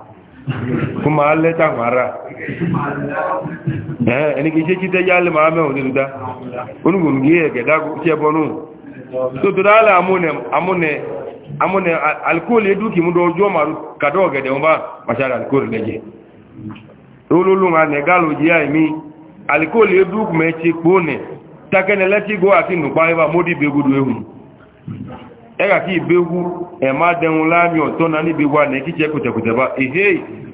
kuma alẹ́ tàwọn ará ẹni kìí ṣe jíjẹ́ yálẹ̀ máa mẹ́wọ̀n nínú dá onígbòmù yí ẹ̀gẹ̀dá tí ẹ bọ́nú tó tó dáálẹ̀ amúnẹ̀ alkóòlì edúkì mú dọ́jọ́ màrú kàdọ́ ọ̀gẹ̀dẹ̀ wọn bá pàṣàrà alkóòlì lẹ́jẹ̀ olólùn anẹ̀gálò jẹ́ àìmí alkóòlì edúkù mẹ́ ti pọ́ọ̀nẹ̀ tákẹ́nẹ̀lẹ́tígọ́ àti nùpá ẹbà módìbẹ̀gbọdọ̀ ehùn e ga emadenwụla amị ọtọ na ndị bigwa na ekiche kwutekwuteba ihe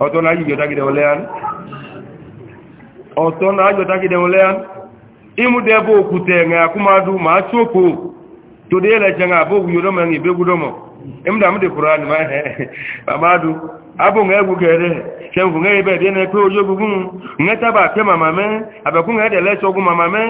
ọtọ na ajọtagidewele ya ịmụda ebe okwute na akwụmadụ ma a chụpụ na abụ ogwunyoro ma na ibegwudomọ ịmụda m dịkwuru anyị mamadu abụ nwa egwu kere chemgwu nwa ebe dị na-ekpe ojo ogwugwu nwetaba apịa mama mee abịakwu nwa ede lecha ọgwụ mama mee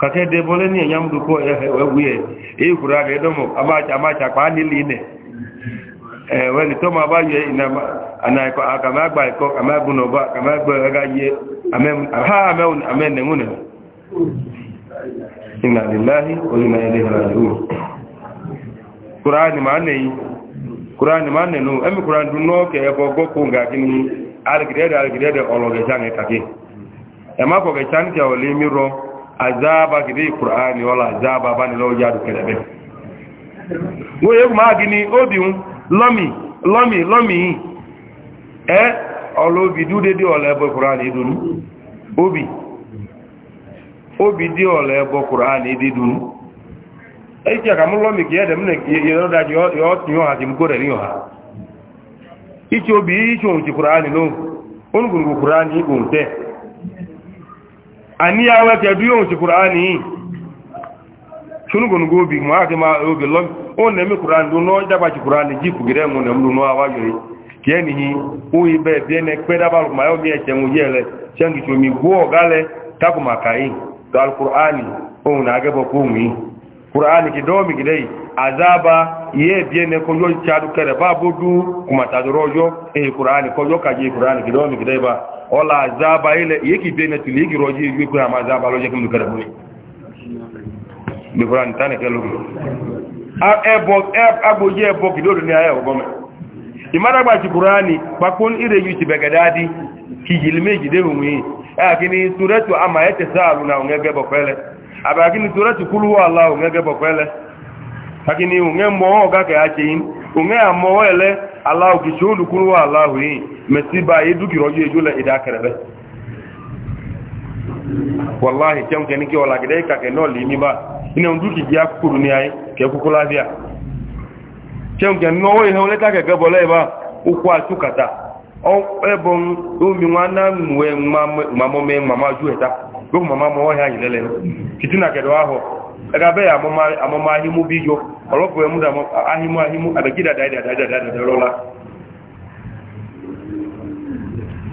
kake de bole ni nyam du ko e wiye e, e. e kura ga do mo ama cha ama cha pa ni line e weli to ma ba ye ina ana ko aka ma gba e ko ama bu no ba ama gba ga ye amen ha amen amen ne ngune inna lillahi wa inna ilaihi raji'un qur'an ma ne qur'an ma ne no emi kura du no ke ko go ko ga kini algrede algrede ologe jange kake e ma ko ge chan ke o le mi azaba gidi qur'ani wala azaba bani lo ya du kelebe wo ye ma gini un lomi lomi lomi eh olo bi du de de ola ebo qur'ani dunu obi obi di ola ebo qur'ani di dunu e ti ka mu lomi ki da yo ti yo ha ti ni yo ha ichi obi ichi ti lo te àníyàwó ẹ̀kẹ́ bí yóò ti kùránì yìí ṣúnugbònugbo bí mọ́ àti máa oge lọ ó nẹ̀mí kùránì ló náà jábà ti kùránì jí kùgẹ́rẹ́ mú nẹ̀mú ló náà wáyọ̀ yìí kí ẹni yìí ó yí bẹ́ẹ̀ bí ẹni pẹ́ dábà lùkùnmá yóò bí ẹ̀ṣẹ̀ mú yẹ́ lẹ ṣẹ́ǹkì tó mi gbó ọ̀gá ọla azaba ile yake be na tuli yake roji yake kuma ma azaba roje kuma kada mu ni furan tane a ebo e, agboje ebo kidodo ni aya obo me imara gba ti qurani pakun ire yu ti begadadi ki jilmeji de mu yi e, akini suratu ama salu na pele suratu kulu wallahu pele akini unge mo ga allah ki mesiba ye duki rojo ejo la ida kerebe wallahi tem ke niki wala gide ka ke no li ni ba ina duki ja kuru ni ai ke ku kula dia ke no we he ole ka ke ke bole ba ukwa tukata o ebon umi wana nwe mamo me mama ju eta go mo kitina ke do aho be ya mama himu bijo olopo da ahimu ahimu abegida da da da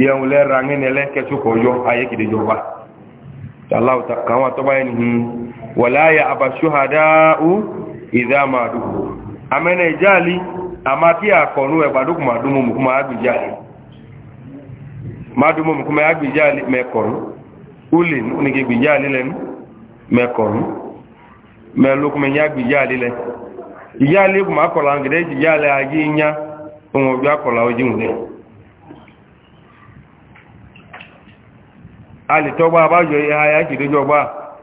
ìyàwó lẹ́ra ní ẹlẹ́ kẹsùkọ̀ ọjọ́ ayé kìdè jọba aláwọ̀ta kàwọn àtọ́bá ẹni hìn wà láyà àbàṣúhádáú ìdámàdù amẹ́nà ìjáàlì àmá kí àkọ̀nú ẹgbàdókùn màdúnmọ̀mùkúnmọ̀ agbèjáàlì mẹ́kọ̀rún ulè ní gbèjáàlì lẹ́nu mẹ́kọ̀rún mẹ́lókùnmọ̀ ya gbèjáàlì lẹ́ ìyáàlì kùnmọ̀ akọ̀lá ń gẹ̀dẹ́ ìjáàlì ayé ń yá ohun ọjọ́ akọ̀lá ojú ń lẹ́nu alìtọ́gbà abájọ ìhàyà ìkìdójọgbà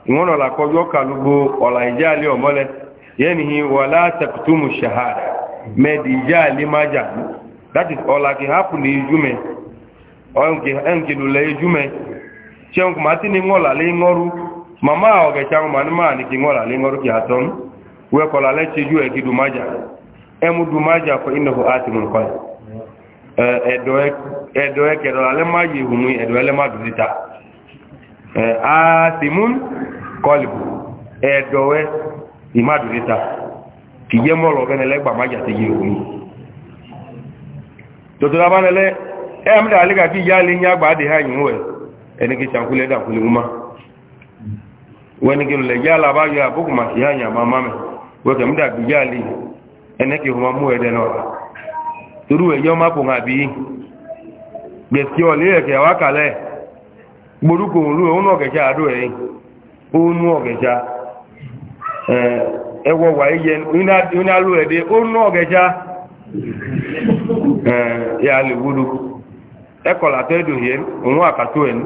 ìwọ́n ọ̀là kọjọ́ kàlùgbò ọ̀là ìjẹ́ alẹ́ ọ̀mọ́lẹ̀ yẹ́nìí wà látàkùtùmù ṣàhàdà mẹ́dì ìjẹ́ alẹ́ májà that is ọ̀là kì hápù ní ijúmẹ́ ẹnkìlùlẹ̀ ijúmẹ́ ṣẹun kùmà tí ní ńọ́là lé ńọ́rú màmá ọ̀gẹ̀ṣà ẹ̀dọ̀ ẹ̀kẹ̀dọ̀ alẹ́ máa yìí hùn ẹ̀dọ̀ ẹlẹ́mà dùn síta asimun kọlìbù ẹ̀dọ̀wẹ́ ìmádùríta kì jẹ́ mọ́lọ̀ ọ̀gẹ́nẹ̀lẹ́ gbàmájà ti yí òun tòtòrò abánẹlẹ́ ẹ̀mdà alẹ́gà kí ìyá lè ní àgbàdì àyìnwó ẹ̀ ẹni kí sàkúlẹ̀ dàkúlẹ̀ wúmá wẹni kí lè yá alábáyọ àbúkù màá sí àyìn àmà mámẹ wẹkẹ̀ mdà bí yá lè ẹni kí wọ́n mú ẹ̀dẹ̀ náà torú ẹ̀yọ́ má pọ̀ gborúkọ òun lóòrùn ọ̀gẹ̀ṣà àdó ẹ̀ oónú ọ̀gẹ̀ṣà ẹwọ wà yẹ ní aló ẹ̀dẹ́ oónú ọ̀gẹ̀ṣà ẹ̀ alè wúlò ẹkọ̀lá tẹ́dù yẹ òun àkàtó ẹ̀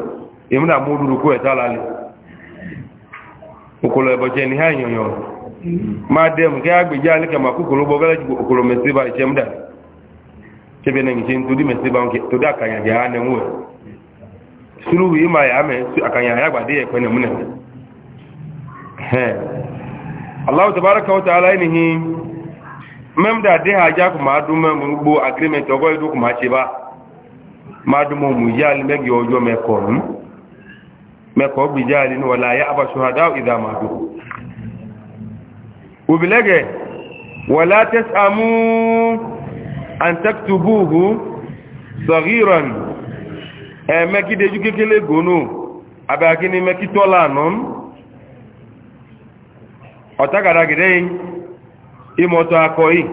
èmi náà mú dúrúkọ ẹ̀ tálálẹ̀ òkòlò ẹ̀bọ̀jẹ̀ ní àyànyàn máa dẹ̀mù kí agbèjì alẹ́kẹ̀mà kúkòlò bọ́ gẹ́lẹ́ òkòlò mẹ́síbà ìṣẹ́mdà ṣẹ́bẹ̀ẹ́ nẹ̀ ń tó dá ẹ̀ sírúwì ìmà ìyàmẹ́ àkànyàn àyàgbàdé ẹ̀pẹ́ nà múnẹ̀ aláwọ̀ tàbárakà wọ́ta aláìníhì mẹ́mdà dé àjá kò máa dún mẹ́mù gbó agreement ọgọ́ ìdó kò máa ṣe bá máa dún mọ́mù yáàlì mẹ́gì ọjọ́ mẹ́kọ̀ọ́ mẹ́kọ̀ọ́ gbì ẹ̀mẹ́kídejú kékeré gòónù abẹ́akíní mẹ́kítọ́ lànà ọ̀tàkàrà gẹ̀dẹ́ yìí ìmọ̀tọ̀ akọ yìí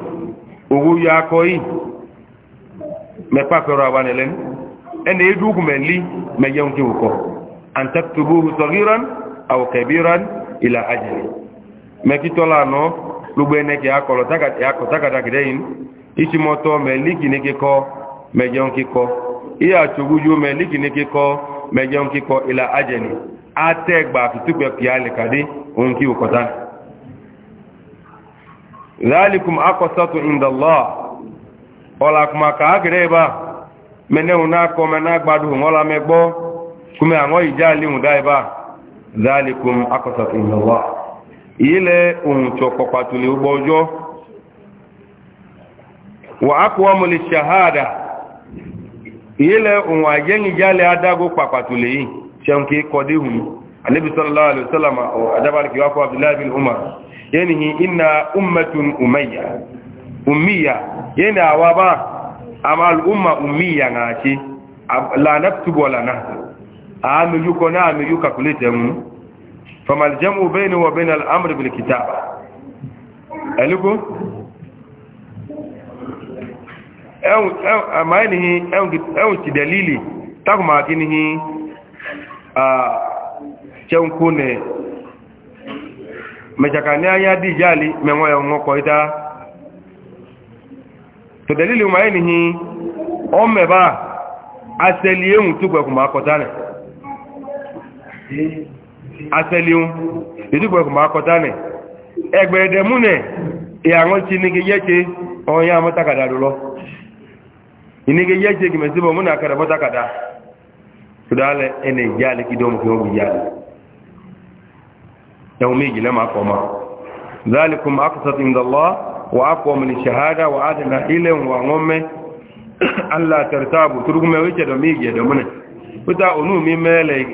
owó yọ akọ yìí mẹ́pàpẹ̀rọ àwọnẹ̀lẹ́ ẹni edúkù mẹ́lí mẹ́yẹun kí òkọ àǹtàkùtùbù sọ̀gíran àwọ̀kẹ̀bíran ìlà àjẹ̀lẹ̀ mẹ́kítọ́ lànà gbogbo ẹnẹ́kẹ̀ akọ̀lọ̀ tàkàrà gẹ̀dẹ́ yìí ìṣìmọ̀tọ̀ mẹ́lí kìíní kíkọ ihe achogbuju me n'ihi mejọ ila ajeni ategba kìtùkpẹ pìálì kàdé òun kí òkọta láàlìkùn akọsọ́tù ìndọ̀lọ́ ọ̀làkùnmà kàákìrẹ́ ìbá mẹ́nẹ́hùn náà kọ mẹ́nà gbádùn ọlá mẹ́gbọ́ kúmẹ́ àwọn ìjá léhùn dá ìbá láàlìkùn akọsọ́tù ìndọ̀lọ́ ní ọgbọ́ ọjọ́ wà á kọ́ ọmọ lè ṣàhádà ìyẹ́lẹ̀ òun àjẹ́yìn jálẹ̀ adágó pàpàtò lèyìn ṣẹ́nkí kọdé hùn alẹ́bí sọ́lọ́lá alẹ́sọ́lọ́mà adábàlìkì wá fún abdullabin umar yẹ́nì yí iná ummatun umayya umiyya yẹ́nì àwa bá amal'umma umiyya na ṣe lanaptubo ama enihi ewu ti dalili takuma kinihi a chenku ne mechaka ni anya di jali menwo ya nwoko ita to dalili ma enihi o meba aseli ewu tugbe kuma akota ne aseli ewu tugbe ne ya inige yeje gime sibo muna kada bota kada sudale ene jali kidomo ki obi jali yaumi gile ma koma dhalikum aqsat inda allah wa aqwam li shahada wa adna ile wa ngome alla tartabu turugume wiche do migi do mune uta onu mi mele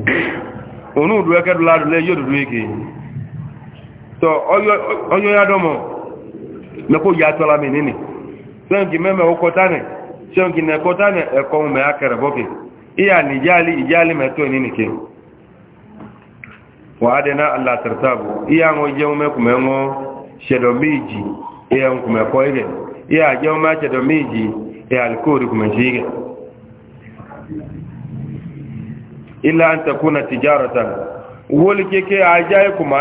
onu duwe kedu ladu le yodu duweke to oyo oyo yadomo nako yatola mi nini sẹ́ǹkì mẹ́mẹ́ ó kọtánẹ̀ sẹ́ǹkì nẹ kọtánẹ̀ ẹ̀kọ́ mẹ́ akẹrẹ bọ́kẹ̀ ni ìjáàlì ìjáàlì mẹ́tọ́ ní nìkẹ́ wà á dẹ̀ná alàtàrtàbù iya wọn jẹun mẹ́kùnmẹ́ wọn ṣẹ̀dọ̀ méjì iya ń kùnmẹ́ kọ́ igẹ̀ iya jẹun má ṣẹ̀dọ̀ méjì iya alikóòrì kùnmẹ́ sí igẹ̀ ilá ń tẹkùnà tìjárọ̀tàn wọ́lì kéèké ajá ikùnmọ̀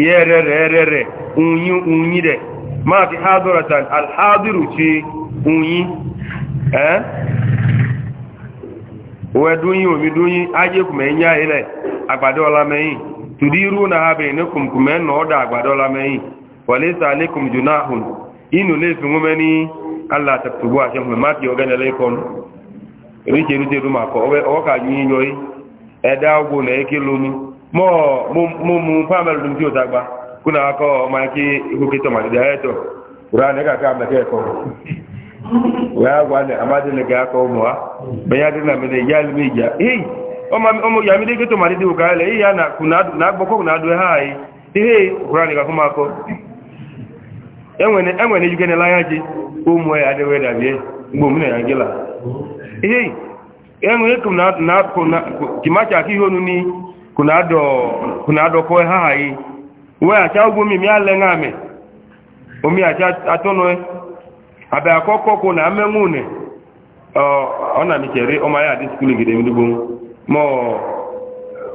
iye rẹ̀ rẹ̀ rẹ̀ rẹ̀ unyi unyi rẹ̀ máàkì haduratan alhadiru ti unyin ẹ́ òwe dúnyìn omi dúnyìn ajé kùmẹ̀ ń yá ilẹ̀ àgbàdo ọlámẹ́yìn tùdí ruo na ha bẹ̀rẹ̀ ní kùmkùmẹ́ nà ọ́dà àgbàdo ọlámẹ́yìn wọlé sàálé kùmjùnà hùn inú lè fi wọ́n mẹ́ni alàtàkùtùgbò àṣẹkùnmẹ̀ má kí ọgẹ́ nílẹ̀ ikọ́nu ogun kuna ako maki hukito madida yeto qur'an ka ka mbake ko ya gwane amadi ne ga ko muwa banya dina me yal ya, eh o ma o ya mi de kuna na boko kuna do hai eh qur'an ka kuma ko enwene enwene yuge ne laya ji ya de bi ngbo ya gila eh na kuna kimacha ki honu ni kuna do kuna do ko uwe acha ugwu mimi ale nga e. ame omi acha atụnụ abe akọkọ kwụ na amenwu une ọ na michere ọma ya adị skulu gide mdigbo mọọ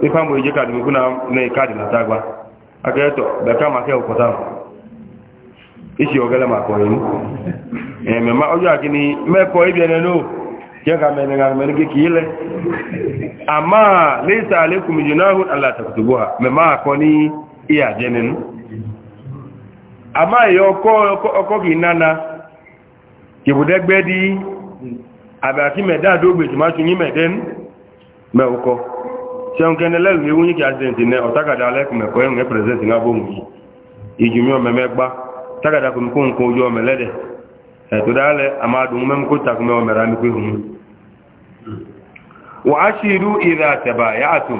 ife amụ eje kaadị mekwu na kaadị na tagba aka eto beka maka ụkọta isi ogele maka ọyịm eme ma ọjọọ e, akị ni mekọ ịbịa n'enu ke ka mene nga mene gị ka ile ama lesa alekum junahu ala takutubuha mema akọ ni iya jẹninu àmá ìyọ ọkọ́ kì nánà kìbùdẹ́gbẹ́ dí àbàtí mẹ̀dáàdógbè jùmátù yí mẹ̀dẹ́nu mẹ́ọkọ́ ṣeun kẹ́nẹ̀lẹ́rù ewu yí kí àṣẹ́ntì nẹ ọ̀tákàdá alẹ́kùnmẹ̀kọ́ ẹ̀rùn ẹ̀ pẹ̀rẹ̀sẹ̀ntì ní abóhùn yìí ìjùmí ọmọ mẹ́gbá tákàdá kòmíkóǹkó ojú ọmọ ẹlẹ́dẹ̀ ẹ̀tọ́ dáálẹ̀ àmàdùn mẹ́mkó ìrẹ́ àtẹ̀bà yáàtùn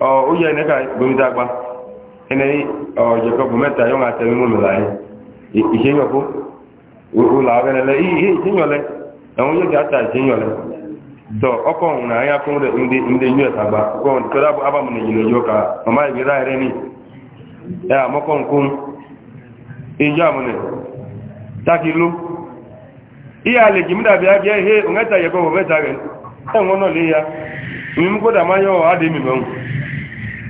ọ oye ne ka gomita gba ene ọ jacob mẹta yọ ma tẹnu mọmi la yi ìṣe yọ lẹ iye ìṣe ẹwọn yóò gẹ ata ìṣe dọ ọkọ ọhún náà fún ndé ndé ọkọ ọhún abamu ọmọ ayé ẹrẹ ni ẹ nkún ló dàbí ihe ẹta yẹ rẹ ń náà lé ya mímú kó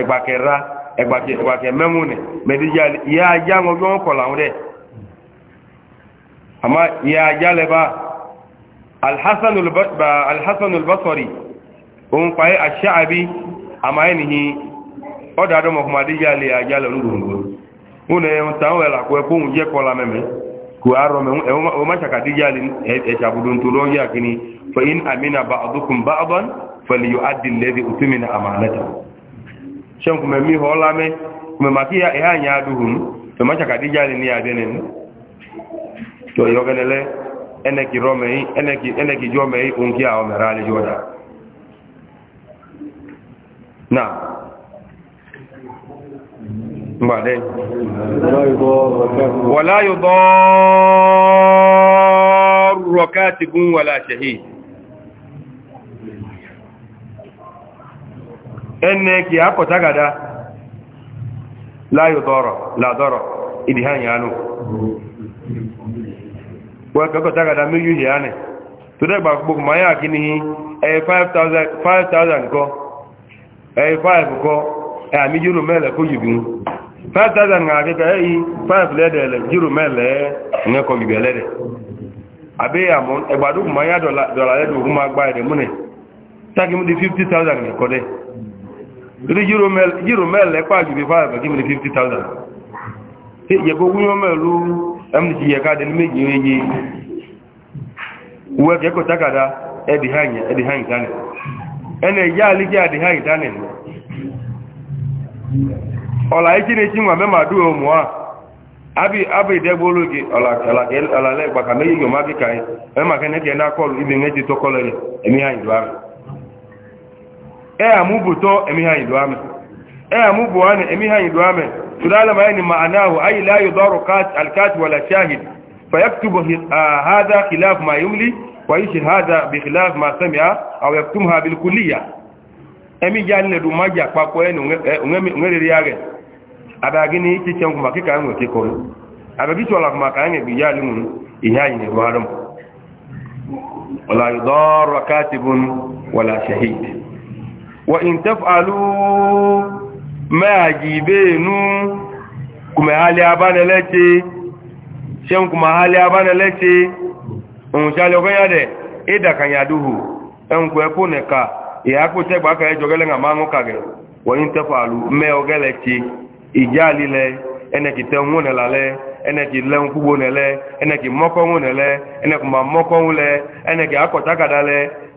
ẹgbàkẹra ẹgbàkẹ mẹ́múnẹ̀ mẹ́díjálẹ̀ ìyá ajá wọn bí wọ́n kọ̀ làwọn dẹ̀ àmá ìyá ajá lẹ́bà alhassan albasori òun pàyẹ àṣà àbí àmá ẹnìyí ọ̀dà àdọ́mọ̀ fún adíjálẹ̀ ajá lẹ́ olúgbòǹgbò wọn ẹ̀hún táwọn ẹ̀là kó ẹkùn jẹ́ shan kuma mi hola me kuma maki ya iha nya duhun to macha kadija ni ya denen to yogenele ene ki romei ene ki ene ki jomei unki a omerale joda na mbade wala yudar katibun ene ki akọtagada láyọ̀dọ̀rọ̀ làdọ̀rọ̀ ìdíhànyànú wọ́n kọtagada méjì yìí tó dẹ́gbà gbogbo ma yá kí ní ẹ̀yẹ 5,000 kọ́ ẹ̀yẹ 5 kọ́ ẹ̀yàmí jírò mẹ́lẹ̀ kó yìí bìí 5,000 nga akẹ́kẹ́ ẹ̀yí 5 lẹ́dẹ̀ẹ̀lẹ̀ jírò mẹ́lẹ̀ ẹ̀ẹ́kọ̀ bìbẹ̀lẹ́dẹ̀ àbẹ́yàmọ́ ẹgbàdógún ma yá dọ̀là lẹ́dọ̀ ri jiro mel lẹ́pàá jùlọ fáwọn ẹ̀kọ́ kí mi ní 50,000 tí ìyẹ̀kọ́ wúyọ́ mẹ́lú mdc yẹ̀ká dẹni méjì oye wọ́n kẹ́kọ̀ọ́ takada ẹ̀dìháyìn tánẹ̀ ẹnà ìyá alíkẹ́ àdìháyìn tánẹ̀ ọ̀là ìkíni tí wọ́n mẹ́mà dúró mọ́ à ábì ìdẹ́gbólógè ọ̀làlẹ́ ìgbàkà eya mubu to emiha idwame eya mubu wane emiha idwame tulala maani maanahu ay la yudaru qat alkat wala shahid fayaktubu hadha khilaf ma yumli wa yishi hadha bi khilaf ma sami'a aw yaktumha bil kulliya emi janne du maja papo enu ngemi e, yage abagini ti chengu makika ngo tiko abagi wala kuma kange bijali mun ihayi ne wala yudaru katibun wala shahid wa in taf'alu ma jibenu kuma hali abana lati shem kuma hali abana lati on shale ko yade ida kan yaduhu en ko ko ne ka ya ko te gba ka e jogele nga mango ka ge wa in taf'alu me ogele ti ijali le ene ki te won la le ene ki le nkugo ne le ene ki moko won le ene kuma moko won ene ki akota kada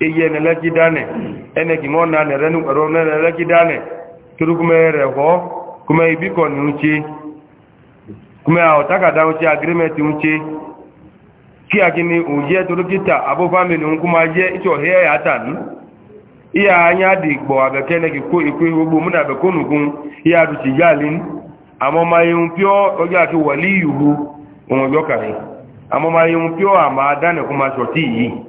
eye neleki dane ene ki ngon na nere ro neleki dane turu kuma re ho kuma ibi ko ni uchi kuma a otaka da uchi agreement uchi ki akini uje turu kita abo family un kuma je icho he ya tan iya anya di gbo abeke ne ki ko iku gbogbo mu na be ko nugun iya du ti jalin amo ma yun pio ojo ati wali yuhu won ojo kare amo ma yun pio ama dane kuma shoti yi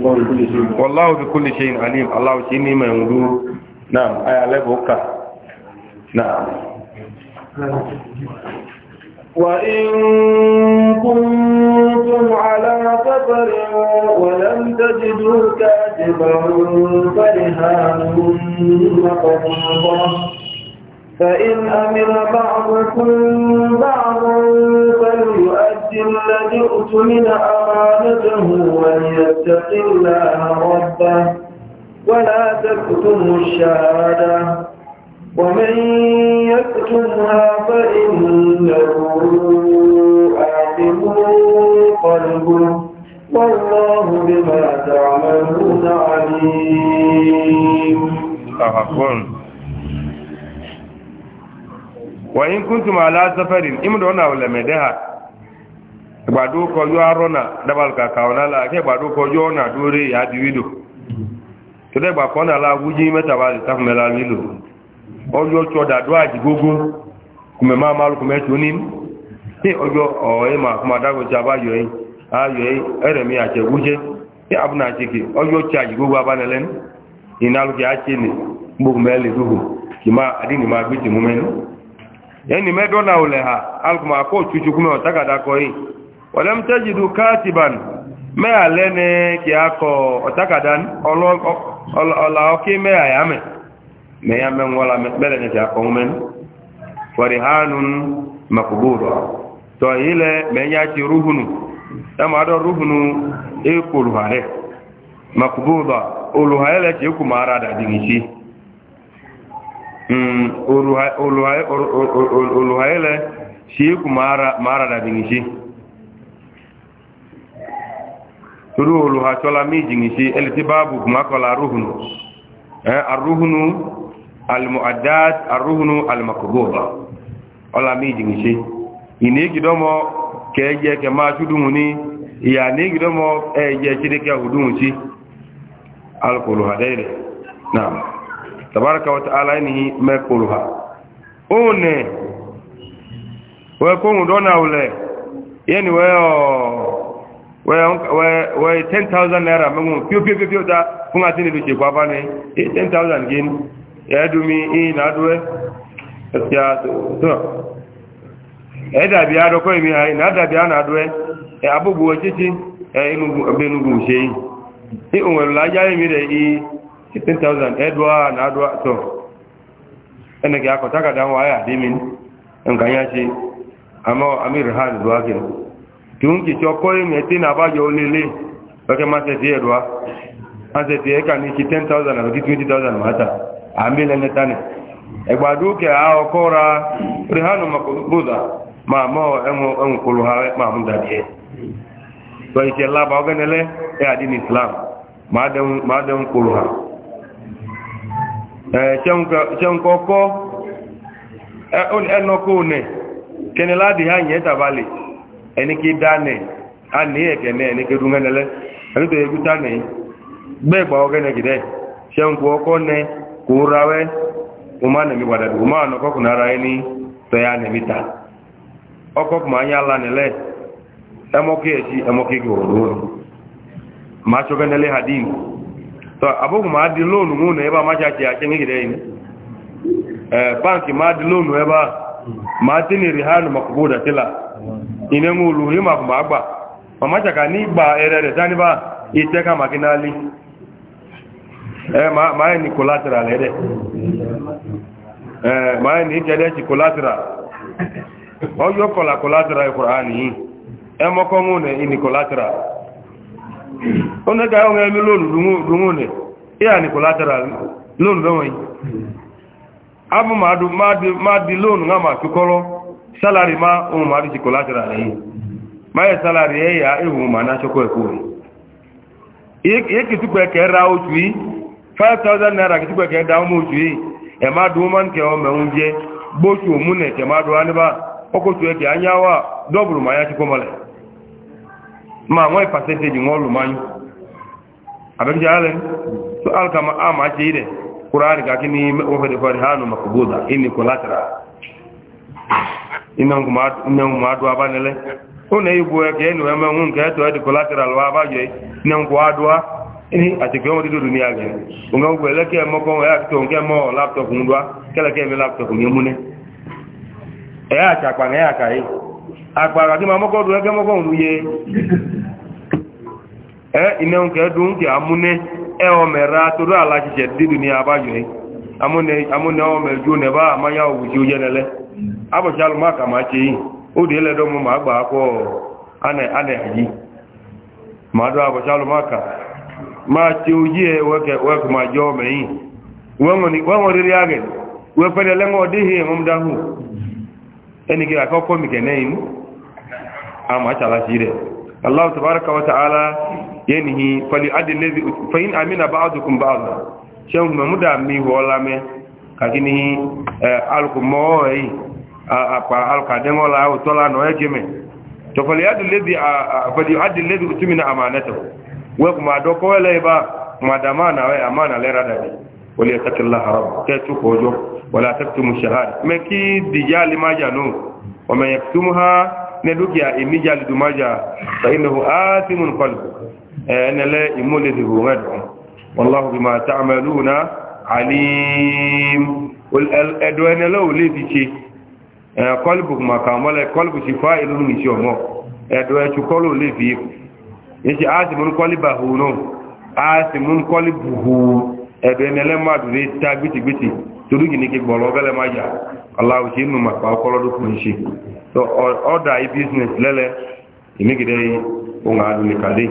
wallahu bi kulli shay'in alim allah shi ne mai wudu na'am aya laifuka na'am وإن كنتم على سفر ولم تجدوا كاتبا فرهان مقبوضة فإن أمر بعضكم بعضا فليؤدي الذي اؤتمن أمانته وليتق الله ربه ولا تكتموا الشهادة ومن يكتمها فإنه آثم قلبه والله بما تعملون عليم. الله أكبر. wa in kuntum ala safarin imdo na wala medeha gbadu ko yo arona dabal ka kawna la ke gbadu ko yo na dure ya diwido to de gba kona la wuji meta ba ta mela lilo ojo cho da do aji gogo kuma ma malu kuma tunim ti ojo o e ma kuma da go jaba yo yi e. ayo yi e, ere mi aje wuje ti abuna jiki ojo cha aji gogo abana len inalu ki achi ni bu mele dugo kima adini ma gbiti mumenu yani medona uleha alkuma ko chuchukume otakada koi walam tajidu katiban me alene kiako otakadan olo ola oki me ayame me yame wala me belene kiako men farihanun maqbura to ile me nyati ruhunu ama ado ruhunu e kuluhare maqbuda uluhaele ki kumara da dingishi oluhaile ṣeéku mara dàbí ní ṣe torí oluhaṣọ́lá méjì ní ṣe ẹlẹ́ tí aruhunu kùmákọ̀lá arúhùnú arúhùnú almuadat arúhùnú almakogoba ọlá méjì ní ṣe ìnégidọ́mọ kẹ́ẹ̀yẹ kẹ máa ṣúdùnmù ní ìyà négidọ́mọ ẹ̀yẹ si ọdún sí alkọ̀lùhàdẹ́rẹ̀ na. tabaraka wa ta'ala ni mekuluha one we kungu dona ule yani we o oh, we we, we 10000 naira mungu pio pio pio da kunga tini duche kwa bane 10000 gin ya dumi i na duwe ya to eda bi ado ko mi ai na da bi ana duwe e abubu ochichi e inu benugu sei i unwe la ja mi re i 15,000 edward na adwa to ene ga ko taka dan waya dimin en kan yace amma amir han duwa ke tun ki to ko me tin abajo lele bake ma se die duwa an se die kan ni ki 10,000 na 20,000 mata ambi le netane e gbadu ke a okora rihanu makbuda ma mo emo en kulu ha ma mun da die to ike laba ogenele e adin islam ma dan ma dan kulu ha Eh, chenkọkọ eh, ẹnọkọ one eh, kenela dị ha nye tabali enike dane a ah, na ihe ekene enike rungenele ẹnito eguta ne gbe gba ogene gide chenkọkọ ne ka ụrawe ụma na emigwadado ụma anọkọ na emita ọkọkụ ma anya ala ma ha so abogun ma di loan mu na eba ma jaje a kini gide ni eh bank ma di loan eba ma tini rihanu makbuda tila ine mu lu hima ma agba e, ma ma jaka ere re tani makinali eh ma ma ni collateral ere eh ma ni jade ci collateral o kola collateral qur'ani e mo ko mu ne ni onega ahụ elu loonu ne ya ni collateral loonu donwe abu madu madu madu loonu nga ma kukoro salary ma ohun madu si collateral yi ma ye salari ye ya ihu ma na choko eko ri ye kitukwe ke ra oju yi 5000 naira ke da e ma du man ke o mehun je gbosu omune ke ma du aniba anyawa ma ya ma nwe percentage nwe olu manyu abin jale to alkama ama ah, ce ide qur'an ga kini wa fa fa hanu makbuda inni collateral inan kuma inan ma do abanele ona igbo ke enu eme nwu nke to edi collateral wa abaje inan ko adwa ini ati ke wodi dunia ge unga ugbo eleke mo ko to nge mo laptop kele ke mi laptop e acha kwa ne àgbàrà kí ma mọ́kọ́ dùn ẹgbẹ́ mọ́kọ́ òun yẹ ẹ́ ìnẹ́hùn kẹ́ẹ̀dùn kí amúné ẹ ọmọẹ̀rá toró alájíjẹ̀ dìdù ní abájò ní amúné ọmọẹ̀jú nẹ̀bá àmáyá òwú tí ó yẹ́ nẹlẹ́ abọ̀ṣẹ́ alùmọ́kà máa ṣe yìí ó dé lẹ́dọ́ mọ́ gbà dọ́ abọ̀ṣẹ́ máa ṣe ẹ máa jẹ́ ọmọ yìí wọ́n rí rí ama tala sire Allah tabaraka wa ta'ala yanihi fali adi lezi fa in amina ba'dukum ba'd shan kuma muda mi wala me kakini eh, alkumo yi apa alkademo la o tola no ekeme to fali adi lezi fali adi lezi utumina amanatahu wa kuma doko wala ba madama na wa amana le rada bi wali yatakillaha rabb ka tukojo wala taktumu shahada meki dijali majanu wa man yaktumha ne dukiya imija lidumaja fa innahu atimun qalbu e, ene imole di go ngad wallahu bima ta'maluna alim wal e, qalbu ma kamale qalbu edo e chukolo le di yesi atimun qalba huno atimun qalbuhu edo madu ni tagbiti gbiti torí ní kí gbọ̀lọ́ bẹ́lẹ̀ máa yà aláwọ̀ ṣe nù màpá ọkọ̀lọ́dún kò ń ṣe so ọ̀dà yìí business lẹ́lẹ̀ ìmígidẹ́ ohun àdúlé kàdé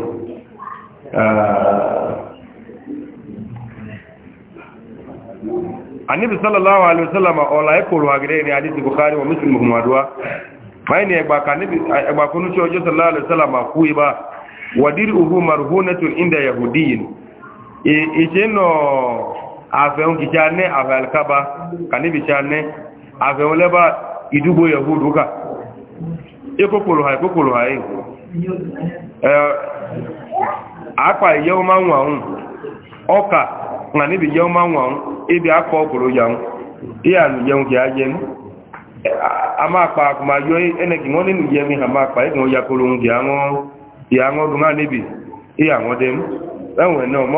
anibi sallallahu alaihi wasallam ọ̀la ẹ̀kọ̀rọ̀ àgẹ́rẹ́ ní àdíjì bukari wa muslim muhammaduwa báyìí ni ẹgbà kunu ṣe ọjọ́ sallallahu alaihi wasallam kú ibá wàdírí uhu marhunatun inda yahudiyin ìṣẹ́ náà àfẹ́hùn kìí ṣe anẹ́ àfẹ́ alkaba kàníbi ṣe anẹ́ àfẹ́hùn lẹ́bà ìdúgbò yahoo ká ikókòrò ha ikókòrò ha yìí àpà ìyẹ́wọ́ máa ń wà ń ọkà kàníbi ìyẹ́wọ́ máa ń wà ń ibi akọ ọkòrò yẹun kìí ajẹ́ a máa pa àkùnmá yọ ẹnẹ́kì wọ́n nínú yẹmi a máa pa ìgbọ̀n yakoro ń kìí àwọn náà níbi ìyàwó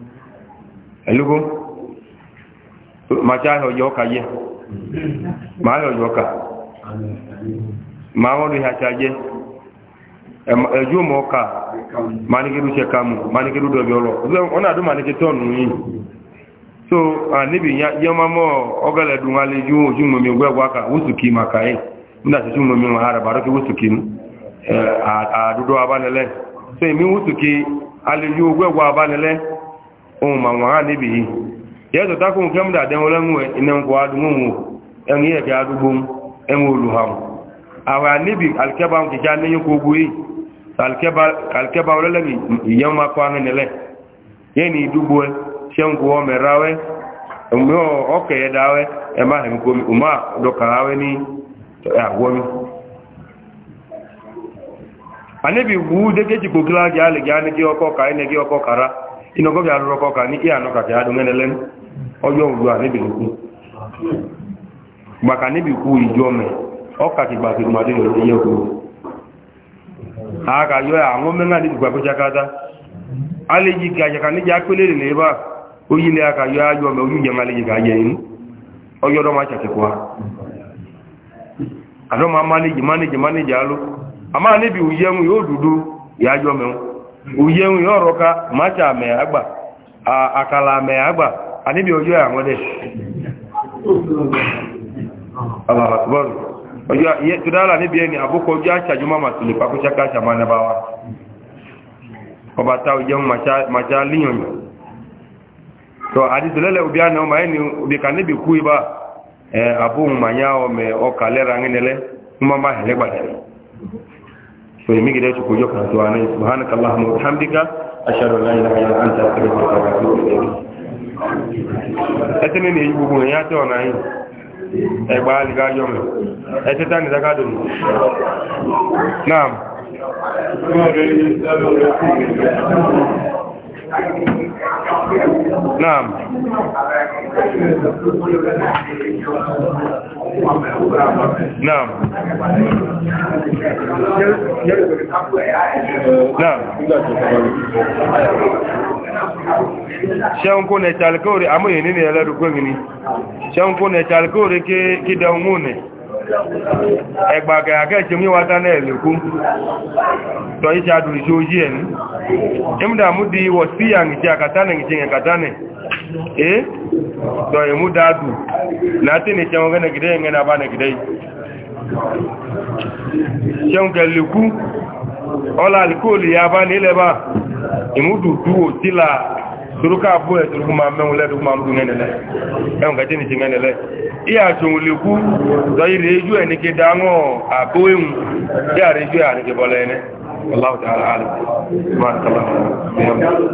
ẹ̀lúgbó ma ṣe ahẹ́ ọjọ́ ọkà ma ahẹ́ ọjọ́ ọkà ma wọ́n lè ṣe ajẹ́ ẹ̀jú ọmọ ọkà ma ní kérú ṣe kàmù ma ní kérú dọ̀bẹ̀ ọlọ wọ́n náà dún ma so anibi ya ma mọ́ ọgọ́lẹ̀ dùn wa lè ju ojú mọ̀mí ọgbẹ́ wákà wùsù kì mà káyé nígbà tí ojú mọ̀mí wọn àràbà rọ́kì wùsù kì àdúdó abánilẹ́ so èmi wùsù kì alẹ́ ju ọgbẹ́ wọ ohun ma wọn níbi yìí yẹ́sọ̀ tákùn kẹ́mdà àdẹ́wọ́ lẹ́mú iná ń kọ́ adúgbòhun ẹ̀rùn yẹ́ kẹ́ adúgbòhun ẹ̀rùn olùhàmù àwọn níbi alkẹ́bà ń kìkẹ́ aníyàn kó gbé alkẹ́bà ọlọ́lẹ́mì ìyẹn máa ọkọ inoko bi aruro ko ka ni iya no ka ti adu ngene len ojo ulu ani bi ku maka ni bi ku ijo me o ka ti gba ti ma de lo ye ku a ka yo ya ngo me ngani gba ko jakata ale ji ka jaka ni ja pele le ba o yi le aka yo ajo me o yi je male ji ka je ni ojo do ma cha ti kwa ado ma male ji mane ji mane ya ajo me uyewu ya ọrụka macha mee agba akala mee agba anibi ojo ya nwede tudala níbi ẹni àbúkọ ojú àṣàjú máa màtò lè pàkó ṣáká ṣàmà ní báwá ọba tá ò jẹun màṣá líyànyàn tó àdìsílẹ̀lẹ̀ òbí àná ọmọ ẹni òbí kà níbi kú فيمي كده تكو جو كان سوانا سبحانك اللهم وبحمدك اشهد ان لا اله الا انت استغفرك واتوب اليك اتني ني يبو يا تو ناي اي بالي غا يوم اتتاني زكا دون نعم Naam. Naam. Naam. Ṣeun kó nẹ̀ ṣàlùkọ́ rẹ̀, àmúyẹ̀ nínú ẹlẹ́rù gbẹ́gbìn ni. Ṣeun kó ẹgbà kẹ̀kẹ́ ṣe mú wátá náà lèkú tọ́ iṣẹ́ adùn iṣẹ́ ojí ẹ̀ ní ìmúdàmú di wọ̀ sí àǹgìṣẹ́ àkàtánà ìṣẹ́ àkàtánà eh tọ́ ìmúdàdù láti ní ṣẹun gẹ́nẹ̀gẹ́dẹ́ ìyẹn náà bá nẹ̀gẹ́dẹ́ ṣẹun kẹ̀ lèkú ọlá turuka abu ya turuku ma mɛ wulɛ turuku ma mu ŋɛnɛ lɛ ɛn ka jɛni ti ŋɛnɛ lɛ iya tun wuli ku dɔyi reju yɛ nike ngo a boye ŋu iya reju yɛ a nike bɔlɛ yɛ nɛ walawu taala ala subahana